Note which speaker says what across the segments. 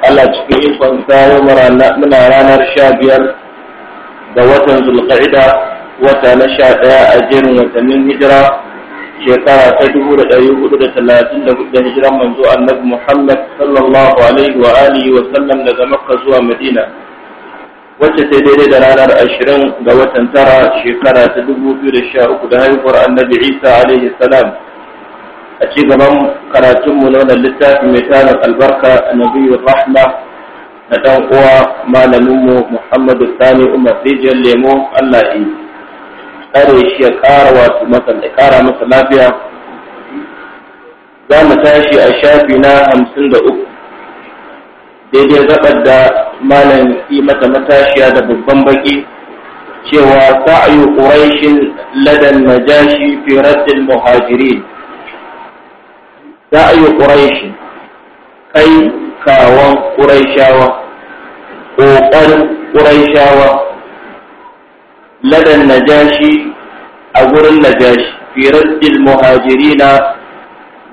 Speaker 1: Allah cikin ikon sayo muna ranar sha biyar da watan zulqa'ida wata na sha ɗaya a jerin watannin hijira shekara ta dubu da ɗari hudu da talatin da hudu da hijiran manzo annabi Muhammad sallallahu alaihi wa alihi wa sallam daga Makka zuwa Madina wacce ta daidai da ranar ashirin ga watan tara shekara ta dubu biyu da sha uku da haihuwar annabi Isa alaihi salam a ci gaban karatunmu na wannan littafi mai tarin albarka annabi rahma na ɗan uwa malaminmu muhammadu sani umar rijiyar lemo allah yi tsare shi ya ƙara masa lafiya za mu tashi a shafi na hamsin da uku daidai zaɓar da malam yi mata matashiya da babban baki cewa sa'ayu quraishin ladan najashi fi raddil muhajirin za a yi ƙuraishi kai kawon ƙuraishawa ƙoƙarin ƙuraishawa ladan najashi a gurin najashi firaddil muhajirina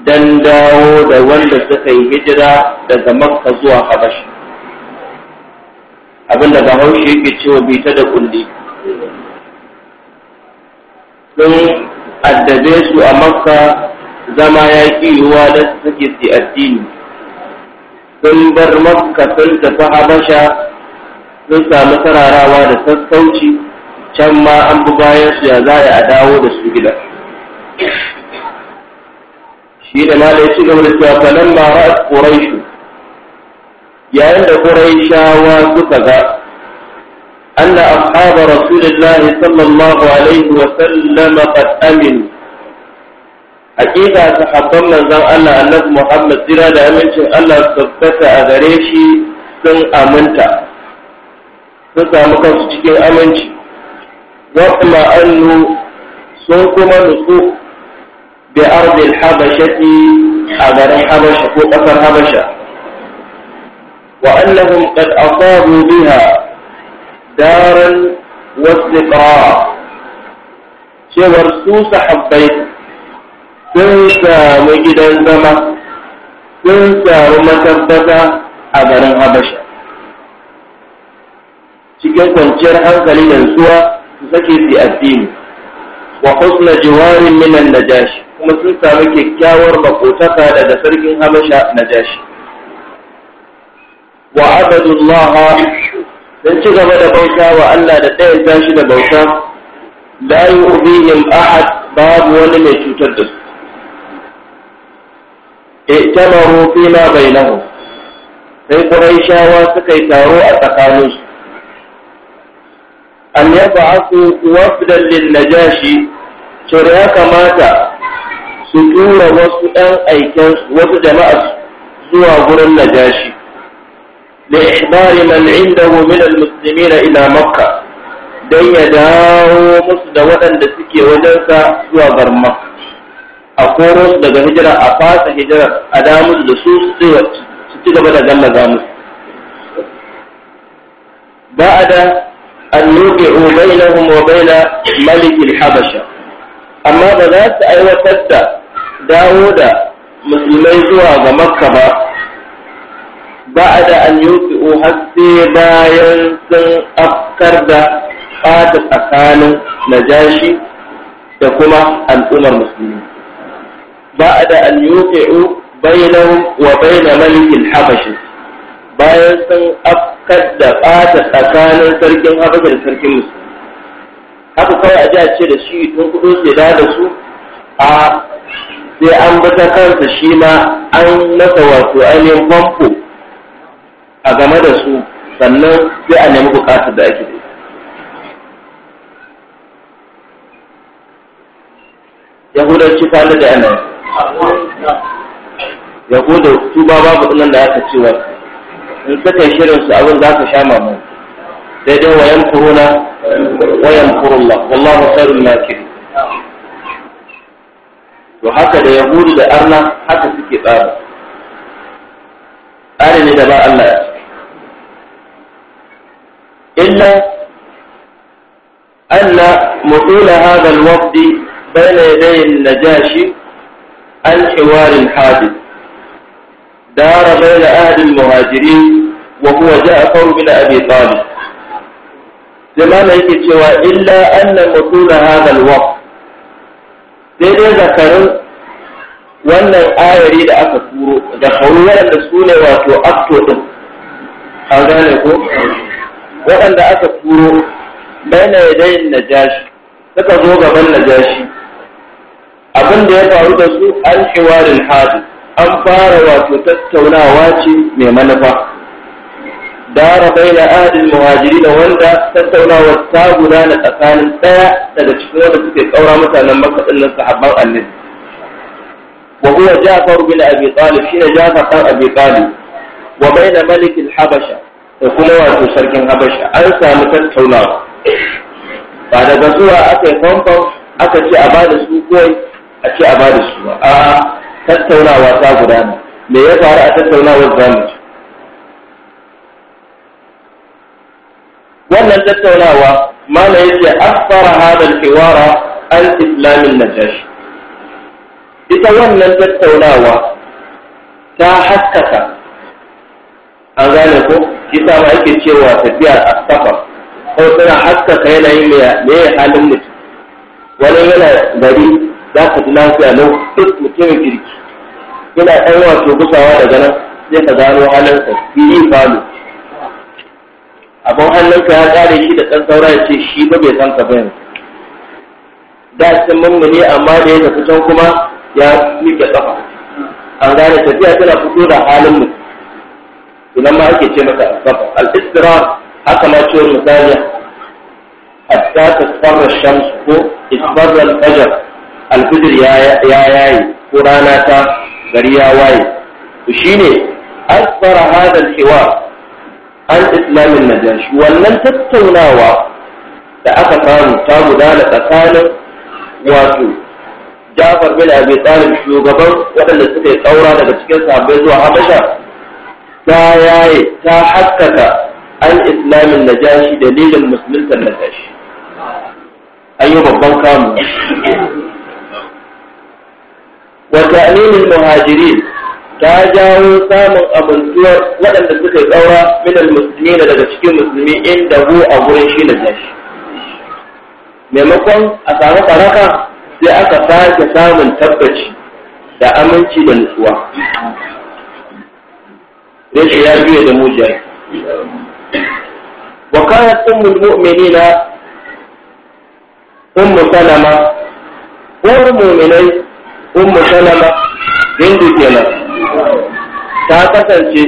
Speaker 1: dan dawo da wanda suka yi hijira daga makka zuwa habashi abinda ba haushe yake cewa bita da kulli sun
Speaker 2: addabe su a
Speaker 1: makka zama ya ƙi ruwa da suke su addini sun bar makka sun tafi habasha sun samu sararawa da sassauci can ma an bi bayan su ya za a dawo da su gida shi da da ya ci gaba da cewa falan ma ra'at quraishu yayin da quraishawa suka ga anna ashab rasulullah sallallahu alaihi wa sallam qad aminu hakika sahabban manzon Allah annabi Muhammad jira da amincin Allah tabbata a gare shi sun aminta sun samu kansu cikin aminci kuma annu sun kuma nutsu bi al habashati a garin habasha ko kasar habasha wa annahum qad asabu biha daran wasiqa cewar su sahabbai sun samu gidan zama sun samu matabbata a garin habasha cikin kwanciyar hankali da nutsuwa su sake su addini wa husna jiwarin minan najashi kuma sun samu kyakkyawar makotaka daga sarkin habasha najashi wa abadullah Sun ci gaba da bauta wa Allah da ɗaya tashi da bauta la yu'dihim ahad babu wani mai cutar da su i'tamaru fi ma bainahum sai quraishawa suka yi taro a tsakanin su an su wafdan lil najashi cewa ya kamata su tura wasu ɗan aiken wasu jama'a zuwa gurin najashi da ihbari man indahu min almuslimin ila makka dan ya dawo musu da waɗanda suke wajensa zuwa garin a koro daga hijira a fasa hijira a damu da su su ci gaba da zama zamu ba a da an nuke obai na humobai na malikin habasha amma ba za su aiwatar da dawo da musulmai zuwa ga makka ba ba a da an yi har sai bayan sun afkar da fata tsakanin najashi da kuma al'ummar musulmi بعد أن يوقعوا بينهم وبين ملك الحبش bayan sun afkar da ɓata tsakanin sarkin habasha da sarkin musulmi haka kawai a ji a ce da shi tun kudu ke da da su a sai an bata ta kansa shi ma an masa wato ainihin famfo a game da su sannan sai a nemi bukatar da ake da yahudanci tare da yanayi ya su ba babu ɗinan da aka cewa in suka yi shirin su abin za ka sha mamu sai dai wayan kuruna wayan kurulla wallahu khairul makir to haka da yahudu da arna haka suke tsara tsari ne da ba Allah illa anna mutula hadha alwaqti bayna yaday an-najashi عن حوار حادث دار بين أهل المهاجرين وهو جعفر بن أبي طالب زمان yake cewa illa anna mutuna hadha alwaqt sai dai zakarin wannan ayari da aka turo da kawo waɗanda su ne wato akto ɗin an gane ko waɗanda aka turo baina suka zo gaban najashi abin da ya faru da su an hiwarin hadu an fara wato tattaunawa ce mai manufa dara baina ahadin muhajiri da wanda tattaunawa ta gudana tsakanin ɗaya daga cikin wanda suke kaura mutanen makaɗin nan sahabban annabi wa huwa jafar bin abi talib shine jafar dan abi talib wa baina malik habasha da kuma wato sarkin habasha an samu tattaunawa ba daga zuwa aka yi aka ce a bada su kawai a ce a ba da su a tattaunawa ta gudana me ya faru a tattaunawar zamu wannan tattaunawa mana yake fara hadar kewara an islamin tashi. ita wannan tattaunawa ta haskaka an gane ko ita ma ake cewa tafiya a safa ko tana haskaka yanayin mai halin mutum wani yana gari za ka ji lafiya lau duk mutumin kirki yana ɗan wato gusawa daga nan sai ka gano halinsa yi falo abin hannunka ya kare shi da ɗan saura ya ce shi ba bai san ka ba yanzu da sun mummuni amma da ya tafi can kuma ya miƙe ƙafa an gane tafiya tana fito da halin mu idan ma ake ce maka ƙafa al haka ma ciwon misali hatta tasfarra shamsu ko isfarra al alfijir ya yaye ko rana ta gari ya waye to shine asfara hada alhiwa an islamin najashi wannan tattaunawa da aka samu ta gudana tsakanin wato Jafar bin Abi Talib shugaban waɗanda suka yi tsaura daga cikin sahabbai zuwa Habasha ta yaye ta haskaka an islamin najashi dalilin musulunta najashi an yi babban kamu wa ta'minul muhajirin ta jawo samun amintuwar waɗanda suka yi tsaura minal musulmi daga cikin musulmi inda hu a gurin shi da jashi maimakon a samu faraka sai aka sake samun tabbaci da aminci da nutsuwa rashin ya biya da mujiyar wa kanat ummul mu'minina ummu salama uwar mu'minai ummu salama hindu kenan ta kasance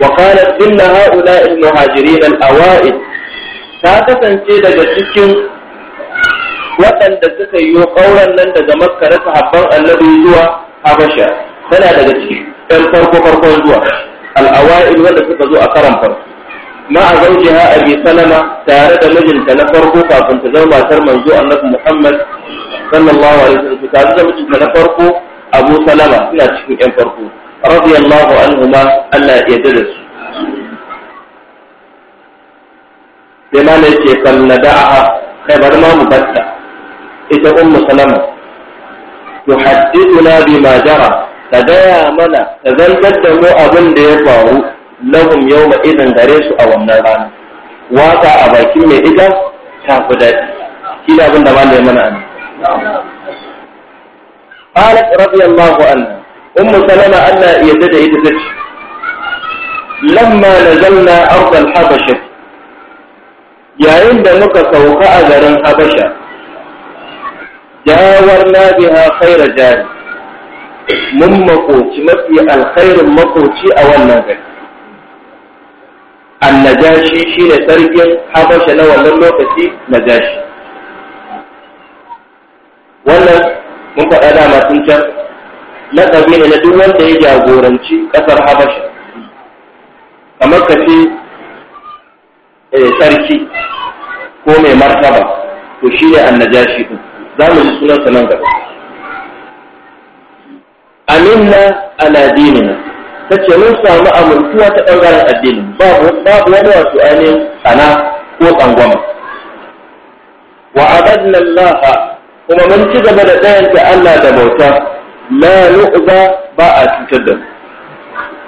Speaker 1: wa qalat inna haula al muhajirin al awaid ta kasance daga cikin waɗanda suka yi ƙauran nan daga makka na sahabban annabi zuwa habasha tana daga cikin ɗan farko farkon zuwa al awaid wanda suka zo a karan farko ma'a zaujiha abi salama tare da mijinta na farko kafin ta zama matar manzo annabi muhammad sallallahu alaihi wasallam tare da mijinta na farko abu salama suna cikin yan farko radiyallahu anhuma Allah ya yarda da su sai ma ce kalla da'a kai bar ma mu batta ita ummu salama yuhaddithuna bima jara ta gaya mana ta zantar da mu abin da ya faru lahum yawma idan gare su a wannan rana waka a bakin mai ita ta fi daɗi shi da abin da ba da mana an qalat radiyallahu anha ummu salama anna yadda da ita tace lamma nazalna ard al-habasha yayin da muka sauka a garin habasha jawarna biha khayra jari mun makoci mafi alkhairin makoci a wannan gari annajashi shine sarkin habasha na wannan lokaci najashi wannan mun faɗa dama tun can laƙabi ne na duk wanda ya jagoranci ƙasar habasha kamar ka ce eh, sarki ko mai martaba to shi ne annajashi ɗin za mu ji sunansa nan gaba aminna ala dinina ta ce mun samu amintuwa ta ɓangaren addini babu babu wani wasu ainihin tsana ko tsangwama wa abadna Allah kuma mun ci gaba da tsayanta Allah da bauta la nu'za ba a cutar da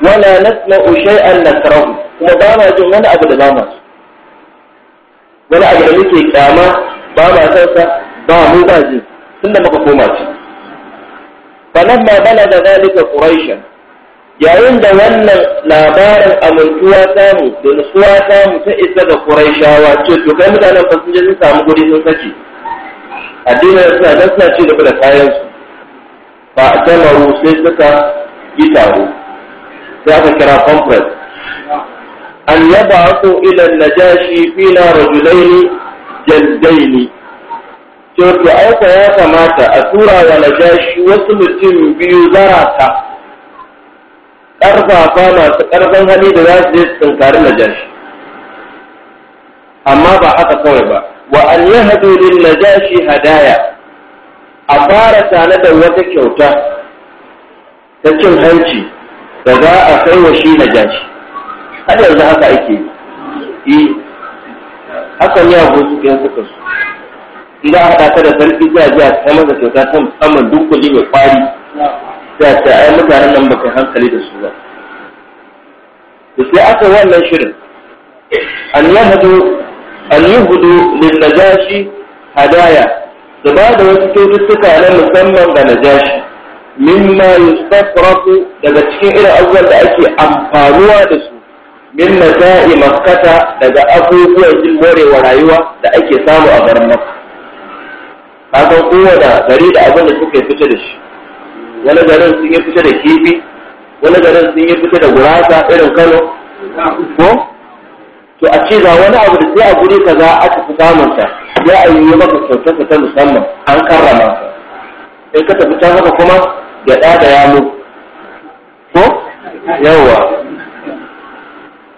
Speaker 1: wala nasma'u shay'an nakrahu kuma ba ma jin wani abu da ba ma wani abu da muke kyama ba ma san sa ba mu ba ji tunda muka koma ci falamma balaga zalika quraishan yayin da wannan labarin amintuwa samu da nutsuwa samu ta isa ga Qurayshawa ce to kai mutanen fa sun samu guri sun sace addinin suna da suna ci gaba da kayan su ba tamaru sai suka yi taro sai aka kira conference an yaba yab'athu ila najashi fina rajulaini jaldaini to to aika ya kamata a tura wa jashi wasu mutum biyu zarata ƙarfafa masu ƙarfin hali da za su je su tunkari najashi amma ba haka kawai ba wa an yahdu lin najashi hadaya a fara tare da wata kyauta ta cin hanci da za a kai wa shi na jashi. har yanzu haka ake yi haka ya go su suka su Za a ta da sarki jiya jiya ji masa kyauta ta musamman duk kuɗi mai kwari
Speaker 2: da ta ai mutanen nan
Speaker 1: baka hankali da su ba da sai aka wannan shirin an yahdu an yuhdu lin najashi hadaya da ba da wasu kyaututtuka na musamman ga najashi mimma yustafraku daga cikin irin abubuwan da ake amfaruwa da su min naza'i makkata daga abubuwan jin morewa rayuwa da ake samu a garin makka kaga kowa da gari da abin da suka fita da shi wani garin sun yi fita da kifi wani garin sun yi fita da gurasa irin kano ko to a ce ga wani abu da sai a guri kaza a tafi samun ta ya a yi maka kyautarsa ta musamman an karrama sai ka tafi can haka kuma ya da da yamu ko yawa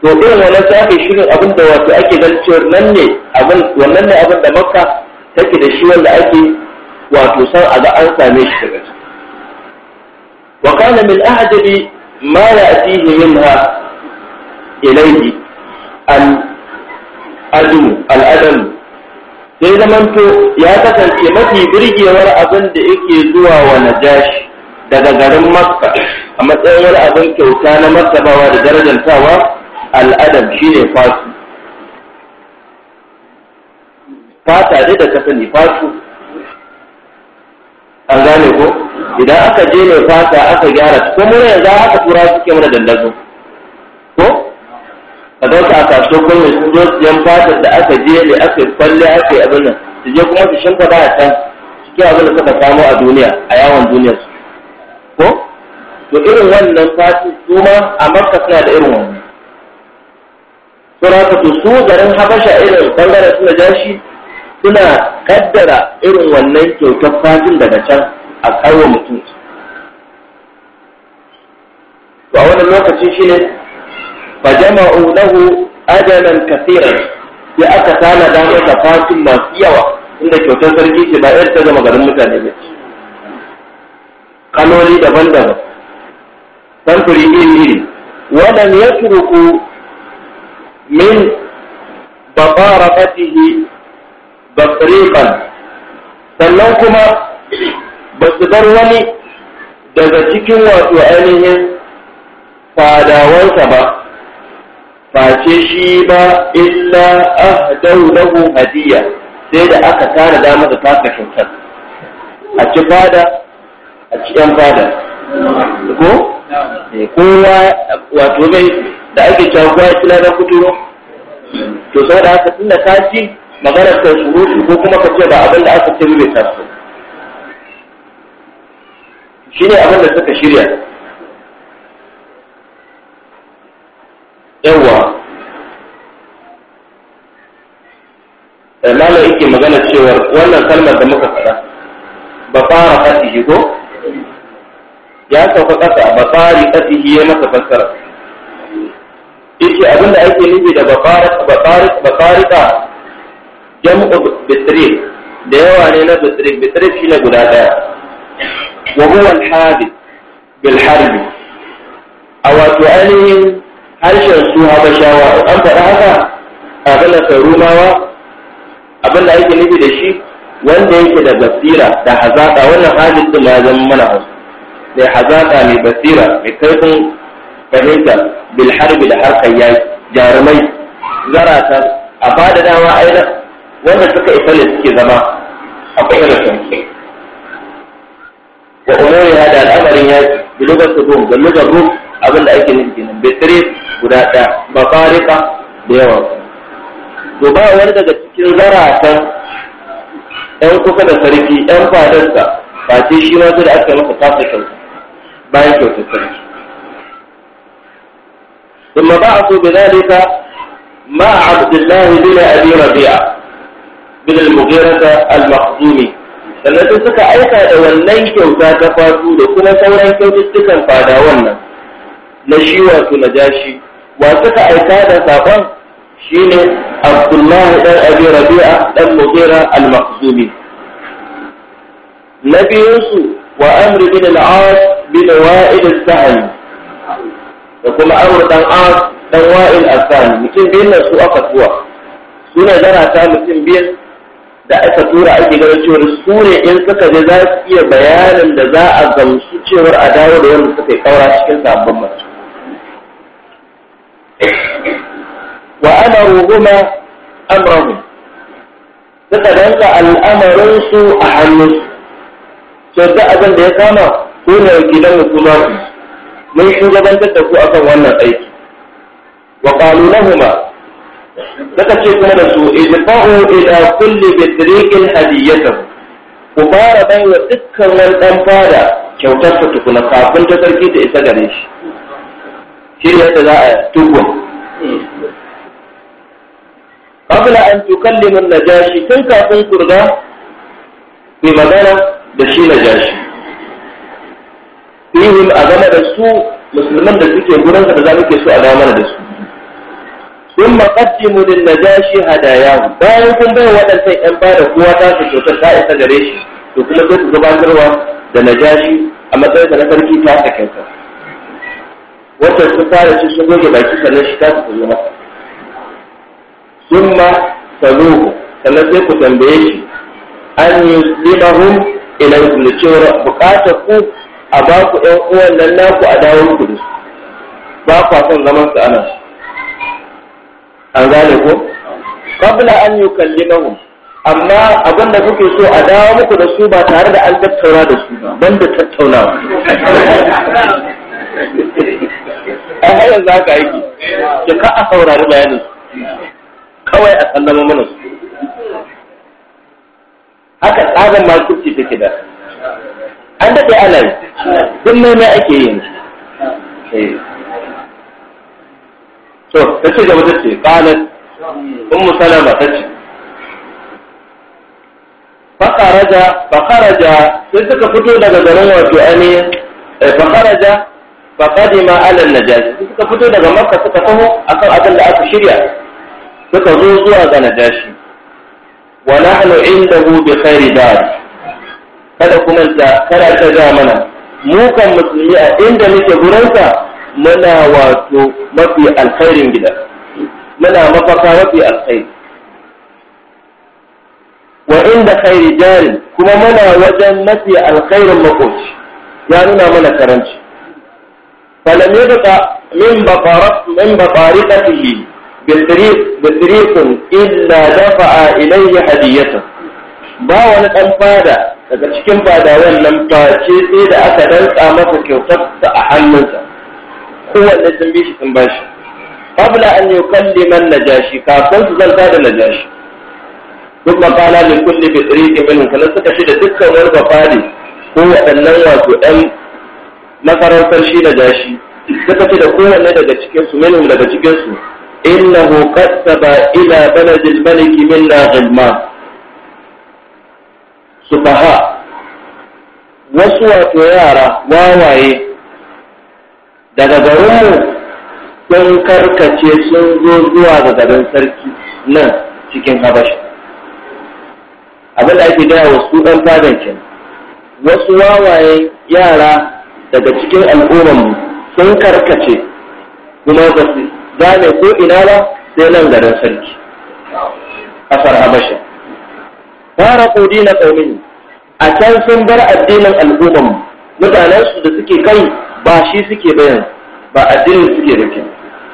Speaker 1: to irin wannan sai ake shirin abin da wato ake ganin cewa nan ne abin wannan ne abin da makka take da shi wanda ake wato san a ga an same shi daga ciki وقال من أعجب ما يأتيه منها إليه الأدم الأدم sai zamanto ya kasance mafi birgewar abin da yake zuwa wa najash daga garin makka a matsayin wani abin kyauta na martabawa da darajantawa al'adam shi ne fasu fata dai da ka sani fasu an gane ko idan aka je mai fata aka gyara ko mura yanzu aka tura suke mana dandazo ko ka zauka a kasuwa ko mai zo siyan fatar da aka je da aka yi kwalle aka yi abin nan su je kuma su shimfa ba a can suke abin da suka samu a duniya a yawon duniya su ko to irin wannan fati su ma a makka suna da irin wannan na to su garin habasha irin bangaren suna jashi suna kaddara irin wannan kyautar fatin daga can a karwa mutum to a wannan lokaci shi ne fa jama'u lahu ajalan kafiran ya aka tana da masa fatin masu yawa inda kyautar sarki ce ba yadda zama garin mutane ba ce kaloli daban-daban samfuri iri-iri wannan ya turku min baƙara fatihi basirikan sannan kuma ba su bar wani daga cikin wato ainihin fadawansa ba face shi ba illa ahdau lahu hadiya sai da aka tara da masa taka kyautar a ci fada a ci yan fada ko eh, kowa wato mai da ake cewa kowa ya kila na kuturo to da aka tunda ka ci maganar shuru surutu ko kuma ka ce ba abin da aka ce mai taso shine abin da suka shirya yawa mala yake magana cewar wannan kalmar da muka fara ba fara fatihi ko ya sauka ƙasa ba fari fatihi ya masa fassara yake abin da ake nufi da ba ka. jam'u bitrik da yawa ne na bitrik bitrik shine guda daya wa huwa al a wato ainihin harshen su habashawa an faɗa haka abin da rumawa da ake nufi da shi wanda yake da basira da hazaƙa wannan hadith din ya zama mana hausa mai hazaƙa mai basira mai kaifin fahimta bil harbi da harkar yaki jarumai zarata a fadadawa aina wanda suka isa ne suke zama akwai irin sanke وأمور هذا الأمر يا بلغة الروم بلغة الروم abin da ake nufi kenan betire guda ɗaya ba farika da yawa to ba wani daga cikin zaratan ɗan kusa da sarki ɗan fadarsa ba ce shi ma da aka masa kasa kyauta bayan kyauta sarki ثم بعث بذلك مع عبد الله بن ابي ربيعه بن المغيره المخزومي sannan suka aika da wannan kyauta ta fasu da kuma sauran kyaututtukan fada nan na shi wato na jashi wa suka aika da saƙon ne Abdullahi dan Abi Rabi'a dan Mughira al Na biyunsu wa amri bin al-As bin wa'id al-Sahmi da kuma Amr dan As dan Wa'il al-Sahmi mutum biyun su aka tuwa suna jarata mutum biyun da aka tura ake ganin cewar su ne in suka je za su iya bayanin da za a gamsu cewar a dawo da wanda suka yi kaura cikin sabon mace wa ana ruhuma amrahu suka danka al'amarinsu a hannunsu to da abin da ya kama ko ne gidan hukuma mun shugabantar da ku akan wannan aiki wa qalu lahumu Saka ce kuma da su idfa'u ila kulli bidriqin hadiyatahu ku fara wa dukkan wani dan fada kyautar ta tukuna kafin ta sarki ta isa gare shi shi ne yadda za a tuba qabla an na najashi tun kafin kurga mai magana da shi najashi fihim a game da su musulman da suke gurinsa da za muke so a zama da su sun maƙaddimu din na jashi hadayahu bayan kun bai waɗancan ‘yan bada kowa ta su ta isa gare shi to kuma sai ku gabatarwa da na jashi a matsayin na sarki ta a wata su fara ci sun goge baki sannan shi ta su kuma masa sun ma saluhu sannan sai ku tambaye shi an yi limahun ilaikum da buƙatar ku a ba ku ‘yan uwan nan naku a dawo ku ba zaman su a nan an gane ko qabla an yukallimahum amma abin da kuke so a dawo muku da su ba tare da an tattauna da su ban da tattaunawa a hanyar za ka aiki ki ka a saurari bayanin kawai a sallama mana su haka tsarin ce take da an daɗe ana yi sun nuna ake yin to ta ce gaba ta ce in musala ba ta ce fakaraja fakaraja sai suka fito daga garin wato ainihin eh, fakaraja fakadima alal najashi suka fito daga makka suka taho akan abin da aka shirya suka zo zuwa ga najashi wa nahnu indahu bi khairi dar kada kuma ta kada ta ga mana mu kan musulmi a inda muke gurinsa muna wato mafi alkhairin gida muna mafaka mafi alkhairi wa inda khairi jarin kuma muna wajen mafi alkhairin makoci ya nuna mana karanci falam yadda min baqarat min baqaratihi bitriqin illa dafa'a ilayhi hadiyatan ba wani dan fada daga cikin fadawan nan face sai da aka dantsa masa kyautar a hannunsa kowanne sun bi shi sun shi qabla an na najashi kafin su zanta da najashi duk makala min kulli bi tsiriki min kana suka shi da dukkan wani bafari ko waɗannan wato ɗan masarautar shi da jashi suka ce da kowanne daga cikin su minhum daga cikin su innahu qattaba ila baladil maliki minna ghilma subaha wasu wato yara wawaye daga garinmu sun karkace sun zo zuwa ga garin sarki nan cikin habasha abin da ake gaya wa su ɗan wasu wawaye yara daga cikin mu sun karkace kuma ba su gane ko ina ba sai nan garin sarki ƙasar habasha fara kudi na ƙaunin a can sun bar addinin mu mutanensu da suke kai ba shi suke bayan ba addinin suke rufe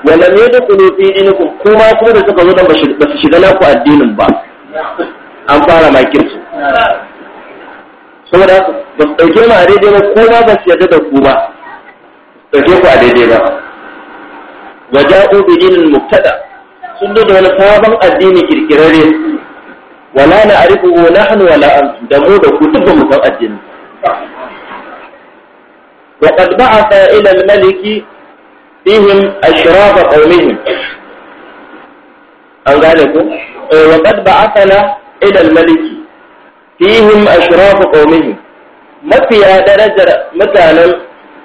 Speaker 1: wanda ne da ku nufi dinikum kuma kuma da suka zo da ba su shiga naku addinin ba an fara makin su saboda ba su ɗauke ma a daidai ba kuma ba su yarda da ku ba ɗauke ku a daidai ba waja'u bi dinin mubtada sun da wani sabon addini kirkirare wala na arifu nahnu wala antum da mu da ku duk ba mu san addini وقد بعث إلى الملك فيهم أشراف قومهم أن ذلك وقد بعثنا إلى الملك فيهم أشراف قومهم ما في هذا رجل مثلا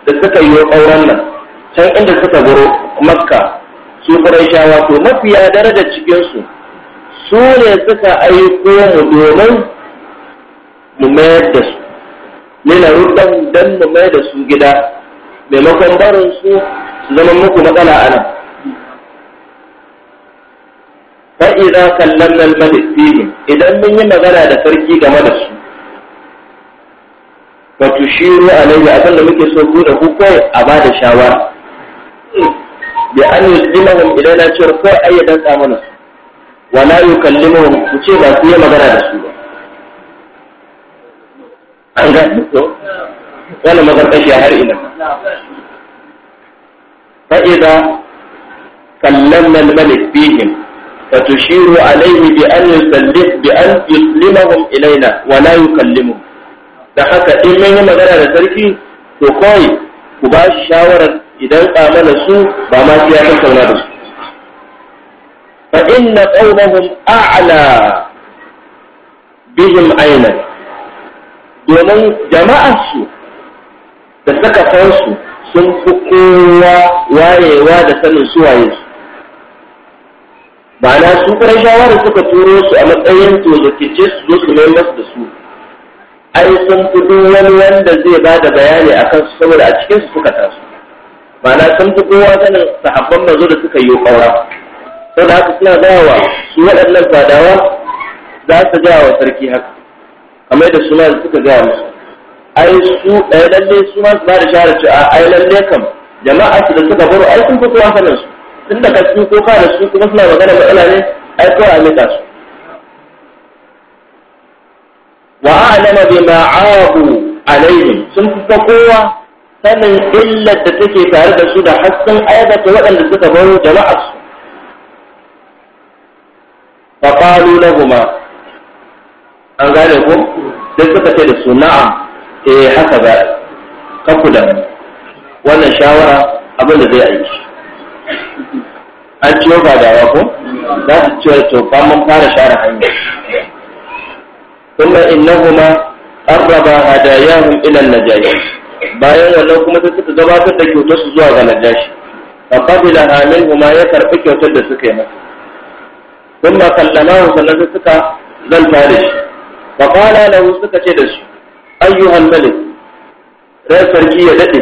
Speaker 1: لسكا يقولنا can inda suka buro makka su shawa to mafiya daraja cikinsu su ne suka aiko mu domin nuna rudan dan mu mai da su gida maimakon barin su zama muku matsala a nan fa idza kallamna al-malik idan mun yi magana da sarki game da su wa tushiru alayhi akan da muke so ku da ku ko a ba da shawara bi an yuslimahum ilayna cewa kai ayyadan tsamana wa la yukallimuhum ku ce ba su yi magana da su ba an ga to magarkashi har ina fa'iza kallamna al-malik bihim an عليه bi an بأن يسلمهم wa la yukallimu da haka in mun yi magana da sarki to kawai ku ba shi shawarar idan kamala su ba ma ya tattauna da su fa inna qawmahum a'la bihim ayna domin jama'arsu da saka kansu sun fi kowa wayewa da sanin su waye su ma'ana su da suka turo su a matsayin kice su zo su mai da su ai sun fi wanda zai ba da bayani a kansu saboda a cikin su suka taso na sun fi kowa sanin sahabban mazo da suka yi ƙaura saboda haka suna gawa su waɗannan fadawa za su gaya wa sarki haka kamar da suna da suka gaya musu ai su ai lalle su ma su ba da shahara ce a ai lalle kam jama'a su da suka baro ai sun fito hankalin su tun da kasu ko ka da su kuma suna magana matsala ne ai kawai a mika su wa a'lama bima aabu alaihim sun fi kowa sanin illar da take tare da su da hassan aikata waɗanda suka baro jama'a su fa qalu lahumu an gane ko duk suka ce da su na'am eh haka ba kanku da wannan shawara abin da zai aiki an ciyo ba dawa ko za su ciyo da ba mun fara share hanyar. kuma innahuma arraba hadayahum ila najashi bayan wannan kuma sai suka gabatar da kyautar su zuwa ga najashi fa qabila minhuma ya karbi kyautar da suka yi masa kuma kallama sannan suka zanta da shi fa na lahu suka ce da su, Ayyuhan malik ran sarki ya daɗe.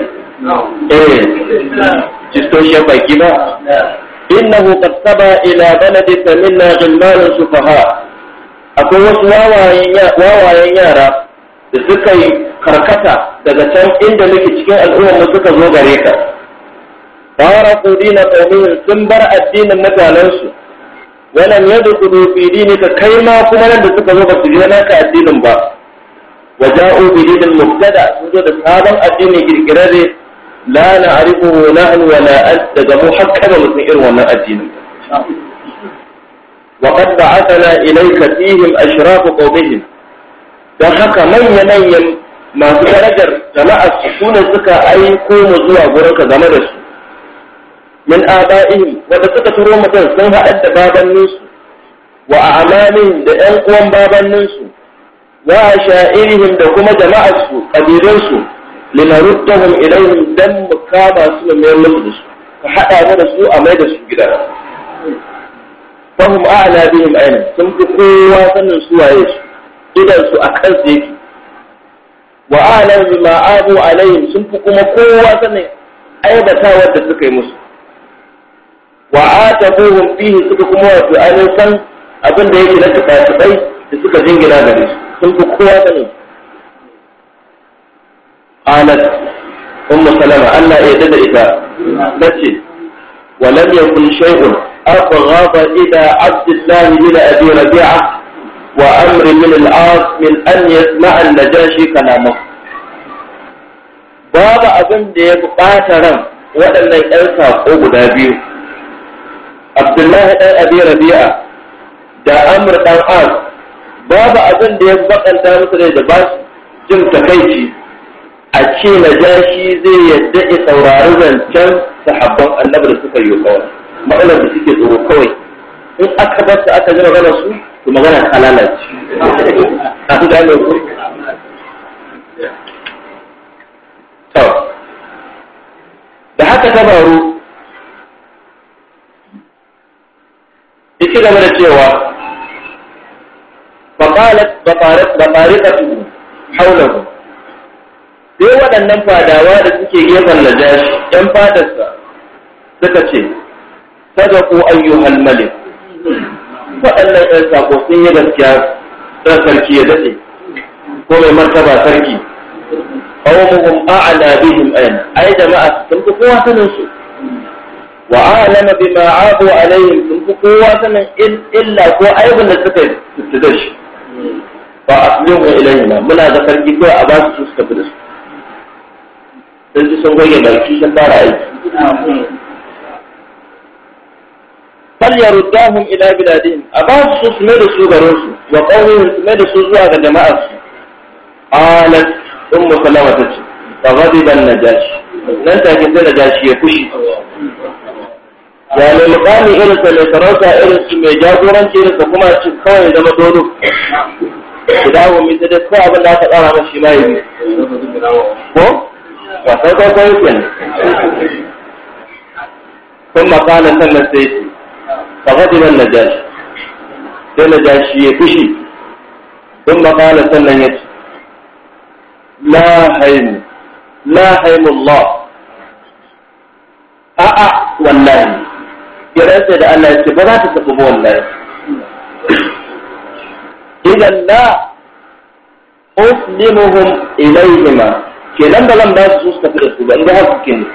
Speaker 1: eh cistoshin baki ba innahu qad saba ila baladika su ghilmanun sufaha akwai wasu wawayen yara da suka yi karkata daga can inda muke cikin al'ummar mu suka zo gare ka fara kudi na sun bar addinin mutanensu Wannan walam yadkhulu fi ka kai ma kuma nan da suka zo ba su ji naka addinin ba wa ja'u bi dinil mubtada sun zo da sabon addini kirkirare la na'rifuhu nahnu wa la anta ga mu hakka da mutum irin wannan addinin wa qad ba'athana ilayka fihim ashraqu qawmihim dan haka manya manyan masu darajar jama'ar su ne suka aiko mu zuwa gurinka game da su min aba'ihim wanda suka turo mutum sun haɗar da babanninsu wa a'malihim da ƴan uwan babanninsu wa sha'irihim da kuma jama'arsu kabilansu linaruddahum ilaihim dan mu kama su mu mayar musu da su ka haɗa mu da su a mai da su gida Fahim a'la bihim aina sun fi kowa sanin su waye su idan su a kan su yake wa a'la bima abu alaihim sun fi kuma kowa sanin aibatawar da suka yi musu wa ata buhun fihi suka kuma wasu su'anin san abin da yake na tafasibai da suka jingina gare su sun fi kowa sani qalat ummu salama Allah ya dada ita ce. wa lam yakun shay'un aghaba ila abdillah ila abi rabi'a wa amri min al-as min an yasma' an-najashi kalama babu abin da ya bata ran waɗannan ƴan saƙo guda biyu abdullahi ɗan abi rabi'a da amr ɗan as babu abin da ya bakanta musu ne da ba su jin takaici
Speaker 3: a ce na jashi zai yadda ya saurari
Speaker 1: zancen sahabban annabi da suka yi kawai ma'anar da suke tsoro kawai in aka bar su
Speaker 3: aka ji magana su to magana
Speaker 1: ta lalace an gane ku to da haka ta baro ya ci gaba da cewa bafarisatu haulahu sai waɗannan fadawa da suke gefen najashi ɗan fadarsa suka ce sadaku ayyuhal malik waɗannan ɗan sako sun yi gaskiya ɗan sarki ya daɗe ko mai martaba sarki qawmuhum a'ala bihim ayyana ay jama'a sun fi kowa sanin su wa alama bima abu alaihim sun fi kowa sanin illa ko aibin da suka Ba da shi fa aslimu ilaihina muna da farki ko a ba su suka fita su sun su sun goge baki sun fara aiki fal yaruddahum ila biladihim a ba su su mai da su garin su wa qawmihim su mai da su zuwa ga jama'ar su qalat ummu salama ce, fa ban na najashi nan take da najashi ya kushi.
Speaker 2: ya lalubani irinsa
Speaker 1: mai sarauta su mai jagoranci irinsa kuma ci kawai zama dolo ku dawo mai ta dai abin da aka tsara mashi ma yi ko sai ka wasan kwakwai kenan kun makana na sai ce ka faɗi na jashi. sai jashi ya fushi kun makana sannan ya ce la haimu la haimu Allah a'a wallahi ya sai da Allah ya ce ba za ta tafi ba wallahi idan la uslimuhum ilayhima nan ba zan ba su suka tafi da su ba inda har suke ne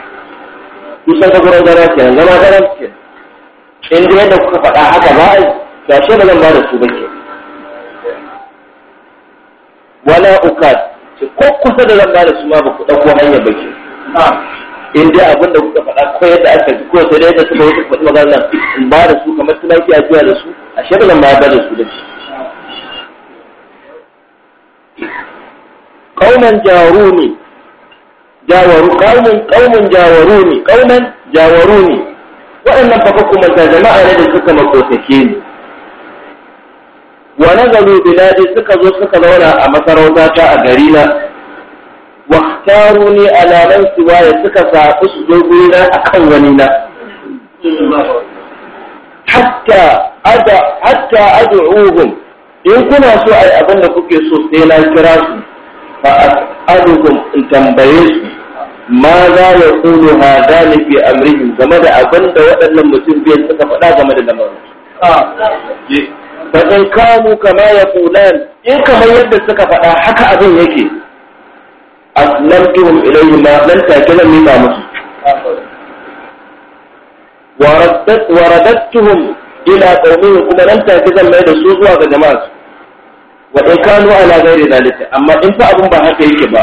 Speaker 1: kusan ka gurin gara kenan zama gara kenan in dai da kuka faɗa haka ba ai to ashe ba zan ba da su ba ke wala ukat ko kusa da zan ba da su ma ba ku ɗauko hanyar ba ke in dai abin da kuka faɗa ko yadda aka ji ko sai dai da suka wuce faɗi magana in ba da su kamar suna ki ajiya da su a shekalan ma ba da su da shi jawaru ne jawaru kaunan kaunan kaunan ne waɗannan fa kuma ta jama'a ne da suka makotake ni wa nazalu biladi suka zo suka zauna a masarautata a garina واختاروا لي على من سواي سكا ساقش دوبينا أكون ونينا حتى أدع حتى أدعوهم إن كنا سوء أبن كوكي سوسينا الكراس فأسألكم إن تنبيش ماذا يقول هذان في أمرهم كما دا أبن دا وأن المسلم بيه سكا فلا كما دا نمر فإن كانوا كما يقولان إن كما يبدأ سكا فلا حكا أبن يكي aslamtuhum ilayhi ma lan takala mi ba musu waradat waradattuhum ila qawmihi kuma lan takala mai da su zuwa ga jama'a wa in kanu ala ghairi zalika amma in fa abun ba haka yake ba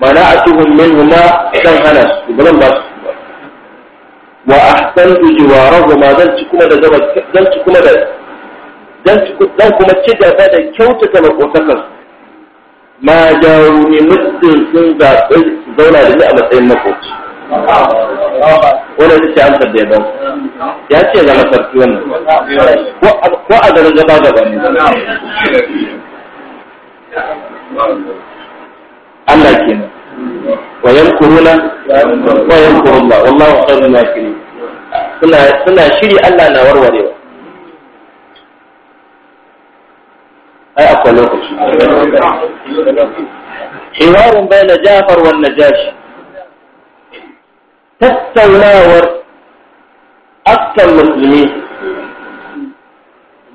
Speaker 1: mana atuhum minhuma dan hana su ba ba su wa ahsantu jiwarahuma zan ci kuma da zan ci kuma da zan ci kuma da kyautata ta makotakan ma jawo ni muddin sun ga zauna da ni a matsayin makoci Wani ce amsar da ya
Speaker 2: ya ce zama sarki wannan
Speaker 1: ko a garin gaba gaba ne Allah nan. wa kuruna? wa yankurullah wallahu ya makirin
Speaker 2: suna suna shiri Allah na warwarewa
Speaker 1: حوار بين جعفر والنجاشي تستناور أكثر المسلمين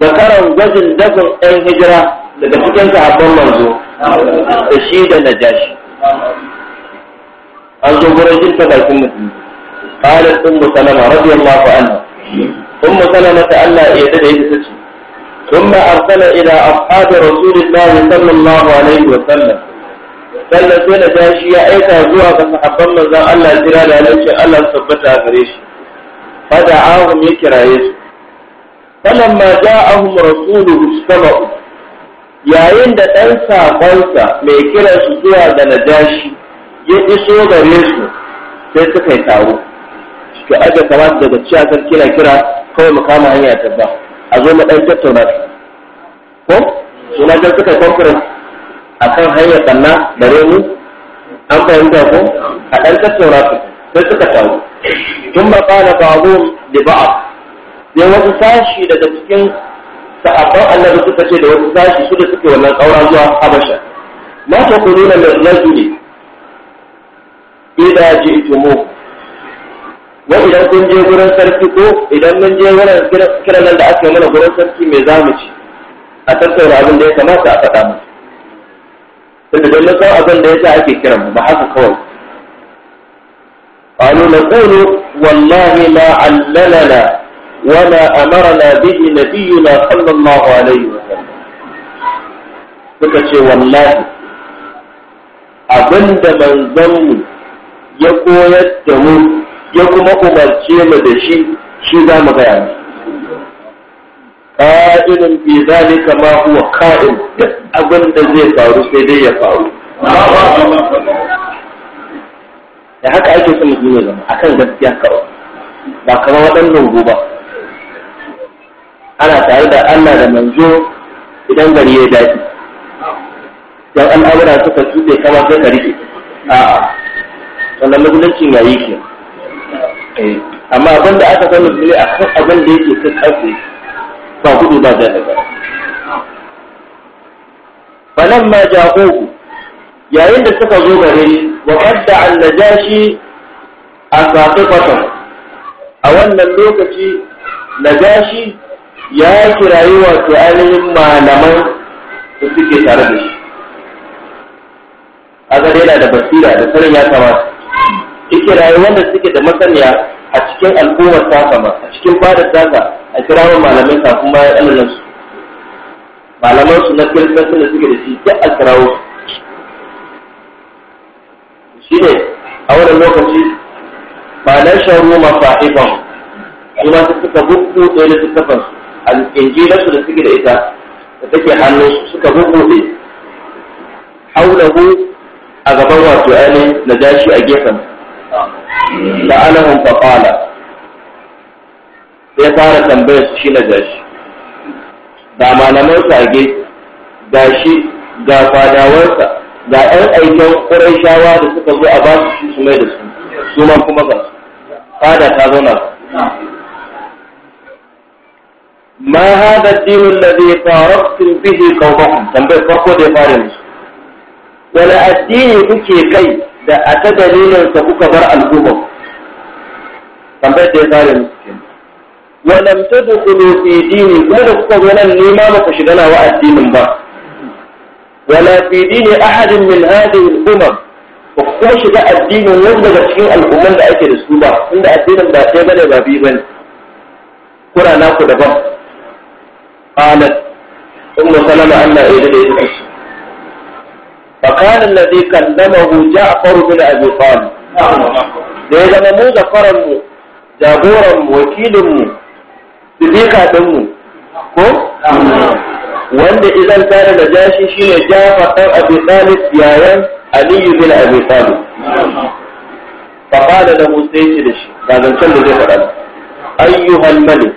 Speaker 1: ذكروا جزل دفن الهجرة لكن عبد الله الزو الشيد النجاشي أرجو برجل سبع سنة قالت أم سلمة رضي الله عنها أم سلمة أن لا يدري بسجن ثم أرسل إلى أصحاب رسول الله صلى الله عليه وسلم sallan sai da tashi ya aika zuwa ga sahabban manzon Allah jira da halicci Allah su tabbata a gare shi fada ahum ya kiraye su falan ma ja'ahum rasuluhu sama yayin da dan sakonsa mai kira su zuwa ga najashi ya iso gare su sai suka yi taro to aje kamata daga ciya kira kira kawai mu kama hanya ta ba a zo mu ɗan tattauna ko suna jan suka conference a kan hanyar sanna da remu an fahimta ko a ɗan tattauna su sai suka taru tun ba kana babu da ba'a sai wasu sashi daga cikin sa'afan annabi suka ce da wasu sashi su da suke wannan ƙaura zuwa habasha ma ta kuluna min rajuli idza tumu. wa idan kun je gurin sarki ko idan mun je wurin kiran nan da ake mana gurin sarki me za mu ci a tattauna abin da ya kamata a faɗa mu tunda don mun abin da ya ake kiran mu ba haka kawai قالوا نقول والله ما عللنا وما أمرنا به نبينا صلى الله ce وسلم abinda والله أبند ya koyar da التموت ya kuma umarce mu da shi shi za mu gaya mu ka'ilun fi zalika ma huwa ka'in abin da zai faru sai dai ya faru da haka ake son mutum ya zama akan gaskiya kawai ba kamar waɗannan gobe ana tare da Allah da manzo idan gari ya dace dan al'amura suka tuɗe kama sai ka rike a'a sannan cin yayi shi Eh, amma abin da aka sani ne a kan abin da yake kan ƙarfe ba gudu ba da daga falan ma jagogu yayin da suka zo gare ni wa qadda an-najashi asaqifatan a wannan lokaci najashi ya kirayi wato ainihin malaman da suke tare da shi a gare da basira da sarin ya kamata ikirayen wanda suke da masaniya a cikin al'ummar tasa ba a cikin bada tasa a kirawo malamai kafin bayan ɗananan su malaman su na kiristansu da suke da shi duk a kirawo shi ne a wannan lokaci ba na sharu mafa'ifan su ma suka bubbu ɗaya da suka fansu su da suke da ita da take hannun su suka bubbu ɗaya haulahu a gaban wato ainihin dashi a gefen
Speaker 2: la'anahum fa
Speaker 1: qala sai fara tambayar su shi na gashi ga malaman sage gashi ga fadawarsa ga ɗan aikin ƙurayshawa da suka zo a basu shi su mai da su su ma kuma ga fada ta zauna ma hada zai fara faraktum bihi qawmakum tambayar farko da ya fara musu wani addini kuke kai da a ta dalilinsa kuka bar al'ummar tambayar da ya tsare musu ke walam ta dukulu fi dini kuma da kuka zo nan nema ba ku shiga wa addinin ba wala fi dini ahadin min hadhihi al-umam ku kuma shiga addinin wani daga cikin al'umman da ake da su ba inda addinin ba sai bane ba biyu bane na ku daban qalat ummu salama anna ilayhi فكان الذي كلمه جعفر بن أبي طالب da ya zama mu zafaranmu jagoranmu wakilinmu sifikatinmu ko? wanda idan tare da jashi shi ne jafar ɗan abu talib yayan aliyu bin abu talib faɗa da musa yake da shi ga zancen da zai faɗa ayyuhan mali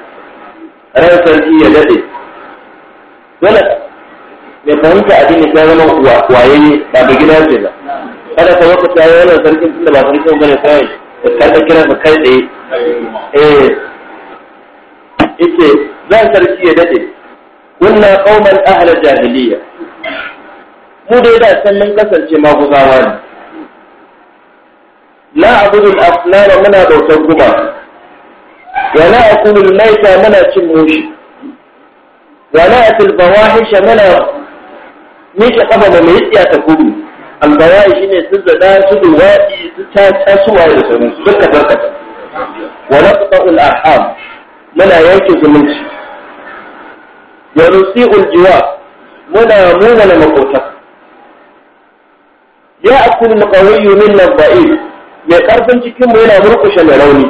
Speaker 1: ran sarki ya daɗe dole mai fahimta addini ta zama ne, ba da gida ce ba kada ka lokaci ya yana sarkin tunda ba sarkin bane kawai da ta kira ka kai yi. eh yace zan sarki ya dade kunna qauman ahla jahiliya mu dai da san mun kasance maguzawa ne la abudu al-asnama muna bautar guba. wa la akulu al-maita muna cin mushi wa la atil bawahisha mana. miƙe ƙafa da mai tsiya ta gudu albawa'i shine sun zada su duwaɗi su ta su waye da sauran su barka barka wa naqta'ul arham muna yanke zumunci wa nusi'ul jiwa muna munana makota ya akulu alqawiyyu minna dha'if mai karfin cikin mu yana murkushe mai rauni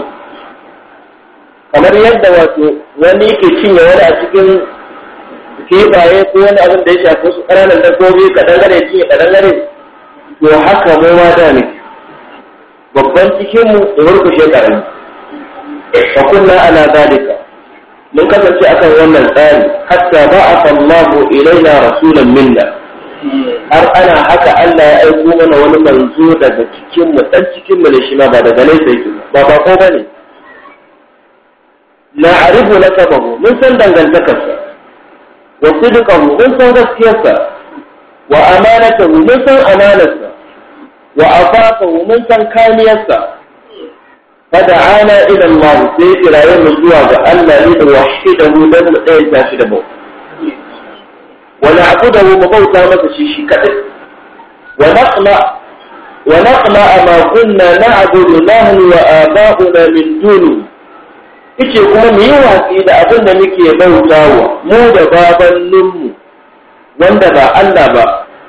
Speaker 1: kamar yadda wato wani yake cinye wani a cikin kebaye ko wani abin da ya shafi wasu ƙananan dabbobi kaɗan gare cinye kaɗan gare to haka mu ma da ne babban cikinmu da murkushe shekaru fa kunna ala dalika mun kasance akan wannan tsari hatta ba a sallahu ilaina rasulan minna
Speaker 2: har ana haka Allah ya aiko mana wani
Speaker 1: manzo daga cikinmu dan cikinmu da shi ma ba daga nesa ki ba ba ko bane na arifu na sababu mun san dangantakarsa wa sidqahu mun san gaskiyarsa wa amanatahu mun amanarsa wa afafahu mun san kamiyarsa fada'ana ila Allah sai kiraye mu zuwa ga Allah ne da wahidahu dan mu tsaya tashi da bauta masa
Speaker 3: ما كنا نعبد
Speaker 1: نحن وآباؤنا من دونه yace kuma mu yi watsi da abin da muke bautawa mu da babanninmu wanda ba Allah ba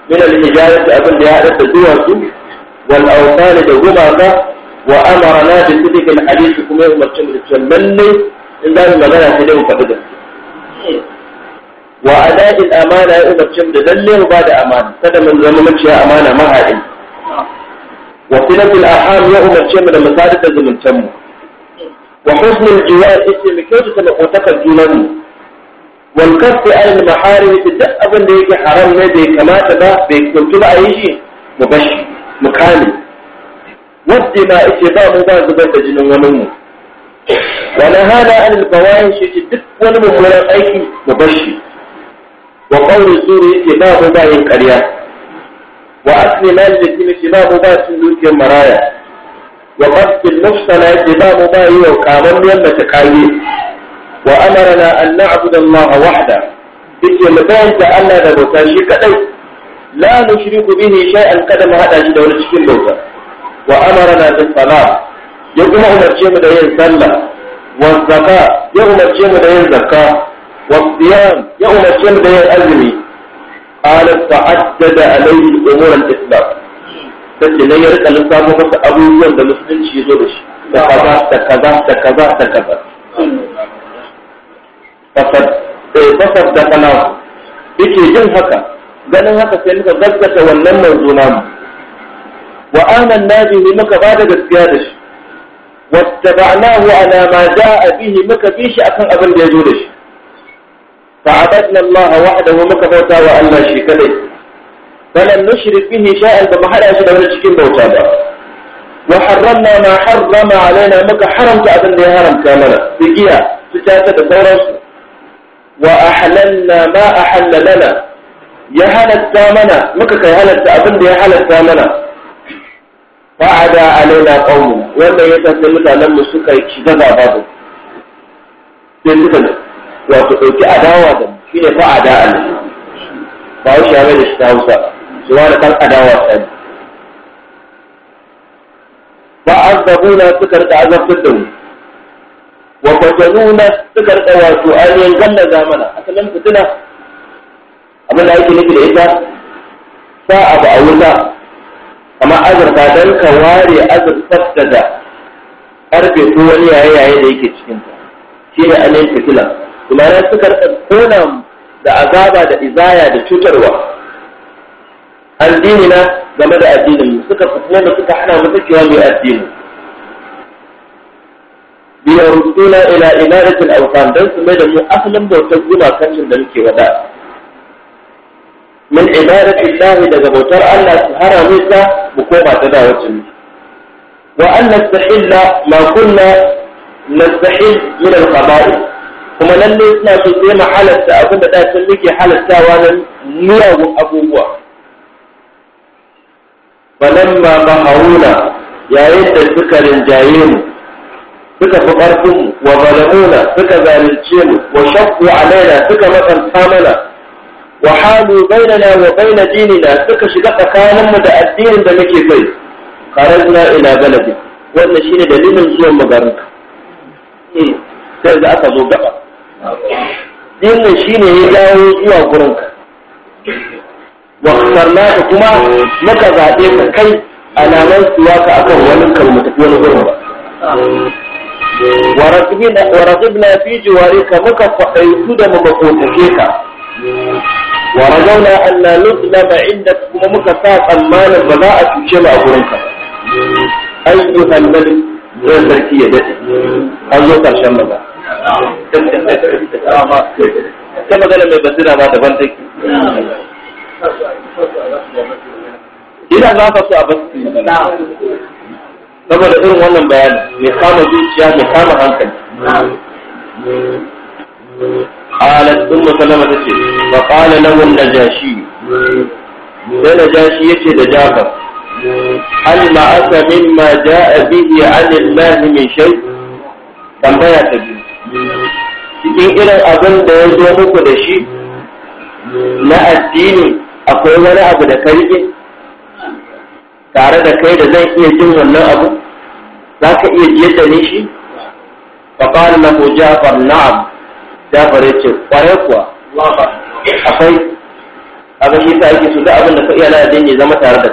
Speaker 1: min al-hijarat abin da ya hada da duwatsu wal awsan da gumaka wa amarna bi sidq al-hadith kuma ya mutum mu da lalle in da magana ta da mu da wa ada'i al-amana ya mutum da lalle ba da amana kada mun zama maciya amana mahaɗi wa silatul arham ya mutum da musadar da zumuntanmu wa husnul ita yace mu kyautata makotakar junanmu wal kafi al maharim da duk abin da yake haram ne bai kamata ba bai kyautu ba a yi shi mu bashi mu kame wadda ma yace ba mu ba zubar da jinin wani mu wa nahana an al shi duk wani mummunan aiki mu bashi wa qawli zuri yace ba mu ba yin karya. wa asli mal yace ba mu ba cin dukiyar maraya وقصد المفصلة إمام ماهي وكامل يمتكايي وأمرنا أن نعبد الله وحده إذ يمتين تألنا نبوتاشي كأي لا نشرك به شيئا قدم هذا جدا ونشكين بوتا وأمرنا بالصلاة يقوم أمر جيم دين سلة والزكاة يقوم جيم دين زكاة والصيام يقوم جيم دين أزمي قال فعدد عليه أمور الإسلام sai da ya rika lissafo masa abubuwan da musulunci ya zo da shi da kaza da kaza da kaza da kaza fasar da kana yake jin haka ganin haka sai muka gaskata wannan manzo namu wa amanna bihi muka ba da gaskiya da shi wattaba'nahu ala ma ja'a bihi muka bi shi akan abin da ya zo da shi fa'abatna Allah wahdahu muka bauta wa Allah shi kadai balan nushrik bihi sha'an ba mu hada shi da wani cikin bauta ba wa harramna ma harrama alaina muka haramta abin da ya haramta mana bigiya fitata da sauransu wa ahlalna ma ahalla lana ya halatta mana kai halatta abin ya halatta mana fa'ada alaina qaumu wanda ya sai mutanen adawa da shi ne ba shi Hausa wani kan adawa sani ba na suka rika azabtar da mu wa nuna suka rika wato ainihin galla zamana asalin fitina abin da ake nufi da ita sa abu a wuta amma azurfa don ka ware azurfar da karfe ko wani yaye yaye da yake cikinta shi ne ainihin fitila tunanin suka rika kona da azaba da izaya da cutarwa الديننا لما دا الدين المسكة فتنين مسكة حنا ومسكيها مئة الدين بيرسونا إلى إنارة الأوطان دانس ميدا مو أسلم بوتزونا كنشن دمكي وداء من عبادة الله إذا بوتر ألا سهر ميسا بكوبة تداوت وأن نستحل ما كنا نستحيل من القبائل كما لن نسمع تسيما حالة أكون بدأت سميكي حالة سوانا ابو أبوه falamma hauna yayin da suka rinjaye mu suka fi ƙarfinmu wa balamuna suka zalunce mu wa shakku alaina suka makanta mana wa halu bainana wa baina dinina suka shiga tsakaninmu da addinin da muke kai kharajna ila baladi wannan shine dalilin zuwan magaranta eh sai da aka zo gaba dinin shine ya dawo zuwa gurinka
Speaker 2: waktarna ka kuma
Speaker 1: muka zaɓe ka kai alamar suwa ka akan wani kalmu tafi wani gurin wa raqibna fi jawarika maka faɗaitu da mabakotake ka wa rajauna an la ba inda kuma muka sa tsammanin ba za a cuce mu a gurin ka ayyu halal zan sarki ya dace an zo karshen maza ta magana mai basira ma daban take Ina za ka so a basu saboda irin wannan bayanin mai kama zuciya mai kama hankali qalat ummu salama tace fa qala na jashi. sai na ya ce da jafar Hali ma ma ja a bihi an mai min shay tambaya ta biyu cikin irin abin da ya zo muku da shi na addini akwai wani abu da ka rike tare da kai da zan iya jin wannan abu za ka iya jiyar da ni shi na ko jafar na'am jafar ya ce kwarai kuwa akwai abu shi ta yake su da abin da ka iya na yadda zama tare da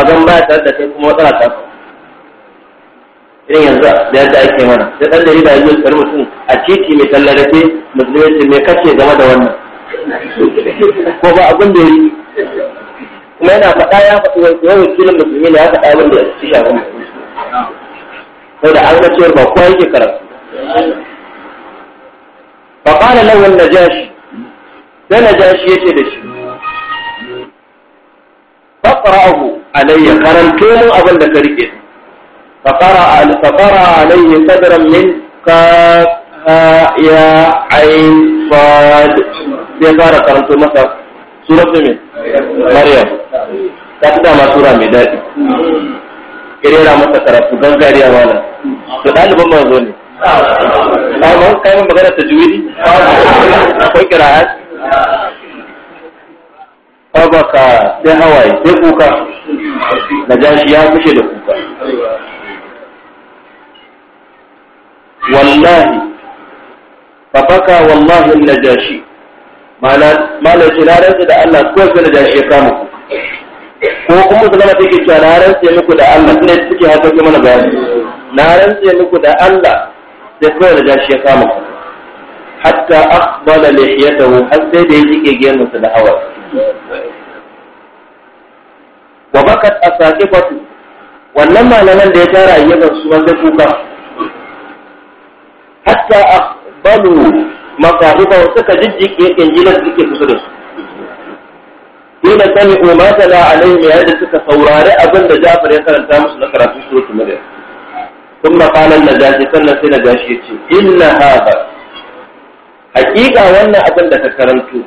Speaker 1: abin ba tare da kai kuma matsala ta irin yanzu da yadda ake mana sai ɗan da yi da yanzu mutum a titi mai tallarafe musulunci mai kace game da wannan ko ba abin da yi kuma yana faɗa ya faɗi wani kilin musulmi ne ya faɗa abin da ya shafi sai da an cewar ba kowa yake karatu Ba qala nan wani najashi sai najashi yake da shi Ba faqra'ahu ya karanto mun abin da ka rike faqara faqara alayya sadran min ka ya ainihin sad sai fara karanto masa surar da mai maryam
Speaker 2: ta fi dama sura mai daɗi
Speaker 1: kirera masa karatu gangariya mana to ɗaliban manzo ne Kaman kayan magana ta juwidi? Akwai kira'at? Abaka sai hawaye sai kuka na jashi ya kushe da kuka. Wallahi fabaka wallahi najashi malai ce na rantsa da Allah ko sai najashi ya kama ku ko kuma musulma take cewa na rantsa muku da Allah sune suke hakoki mana bayani na rantsa muku da Allah sai kawai jashi ya kama ku hatta aqbala lihiyatahu har sai da ya jike gemunsa da hawa wa bakat asaqifatu wannan malaman da ya tara ayyukan su wanda kuka hatta balu masahiba suka jijjike da suke kusa da su ina sani umata la alaihim yayin suka saurari abin da Jafar ya karanta musu na karatu karatun suratul Maryam ثم na النجاشي sannan sai na najashi ce, inna hadha hakika wannan abin da ka karanto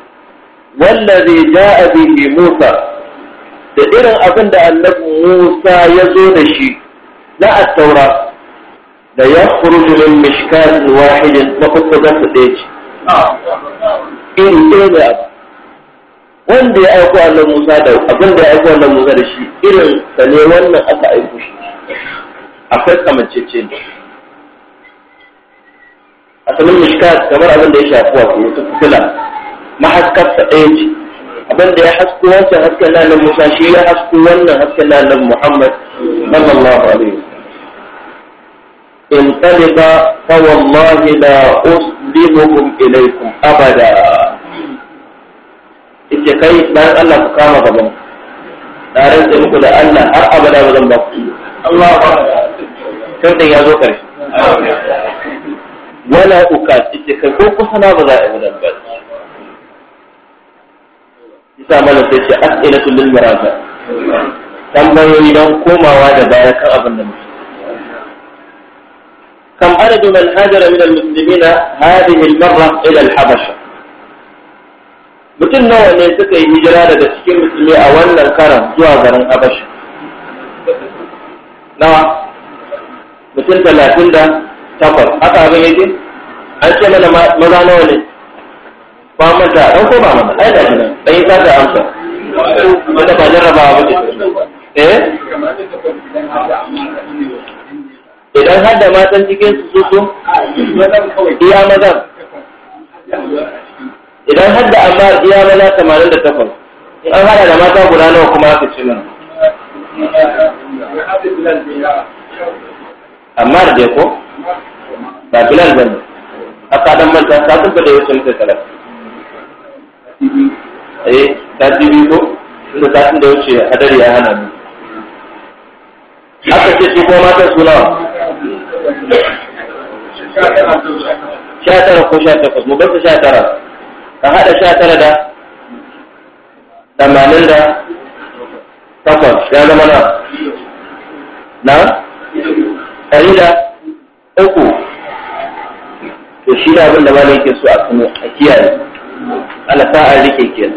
Speaker 1: ja a zai Musa da irin abin da annabi Musa ya zo da shi na attaura. taura da ya kurudu min mishkatin wahidin za su ɗaya ce in ɗaya da abu wanda ya aiko Allah Musa da abin da ya aiko Allah Musa da shi irin sa ne wannan aka aiko shi akwai kamancece ne asalin mishkat kamar abin da ya shafi wa kuma su fitila mahaskar sa ɗaya ce abin da ya hasko wancan hasken na Musa shi ya hasko wannan hasken na Muhammad sallallahu alaihi wasallam In انطلق فوالله لا أسلمكم إليكم أبدا ita kai bayan Allah ku kama gaban na rantse muku da Allah har abada ba zan ba ku Allah ba kan ya zo kare. wala ukas ita kai ko kusa na ba za a yi ba isa mana sai ce as'ilatu lil muraja tambayoyi don komawa da baya kan abin da muke كم عدد من هاجر من المسلمين هذه المرة إلى الحبشة mutum nawa ne suka yi hijira daga cikin musulmi a wannan karan zuwa garin abasha? Nawa? Mutum talatin da takwas. Haka abin yake? An ce mana maza nawa ne? Ba manta, ɗan ko ba manta, ai da nan, ɗan yi sata amsa. Wanda ba jarrabawa ba ce. Eh? idan har da matan cikin su su
Speaker 2: iya mazan idan har da amma iya maza tamanin da
Speaker 1: takwas an hada da mata guda nawa kuma aka ci nan amma da ko
Speaker 2: ba bilal bane
Speaker 1: A kadan manta ta tuba da yusuf da talaka eh ta biyu ko inda ta tun da wuce dare ya hana ni aka ce su ko matan su nawa sha tara ko sha takwas mu bar sha tara ka haɗa sha tara da tamanin da takwas ya zama na na ɗari da uku to shi da abin da ba yake so a kano a kiyaye ala sa'a rike ke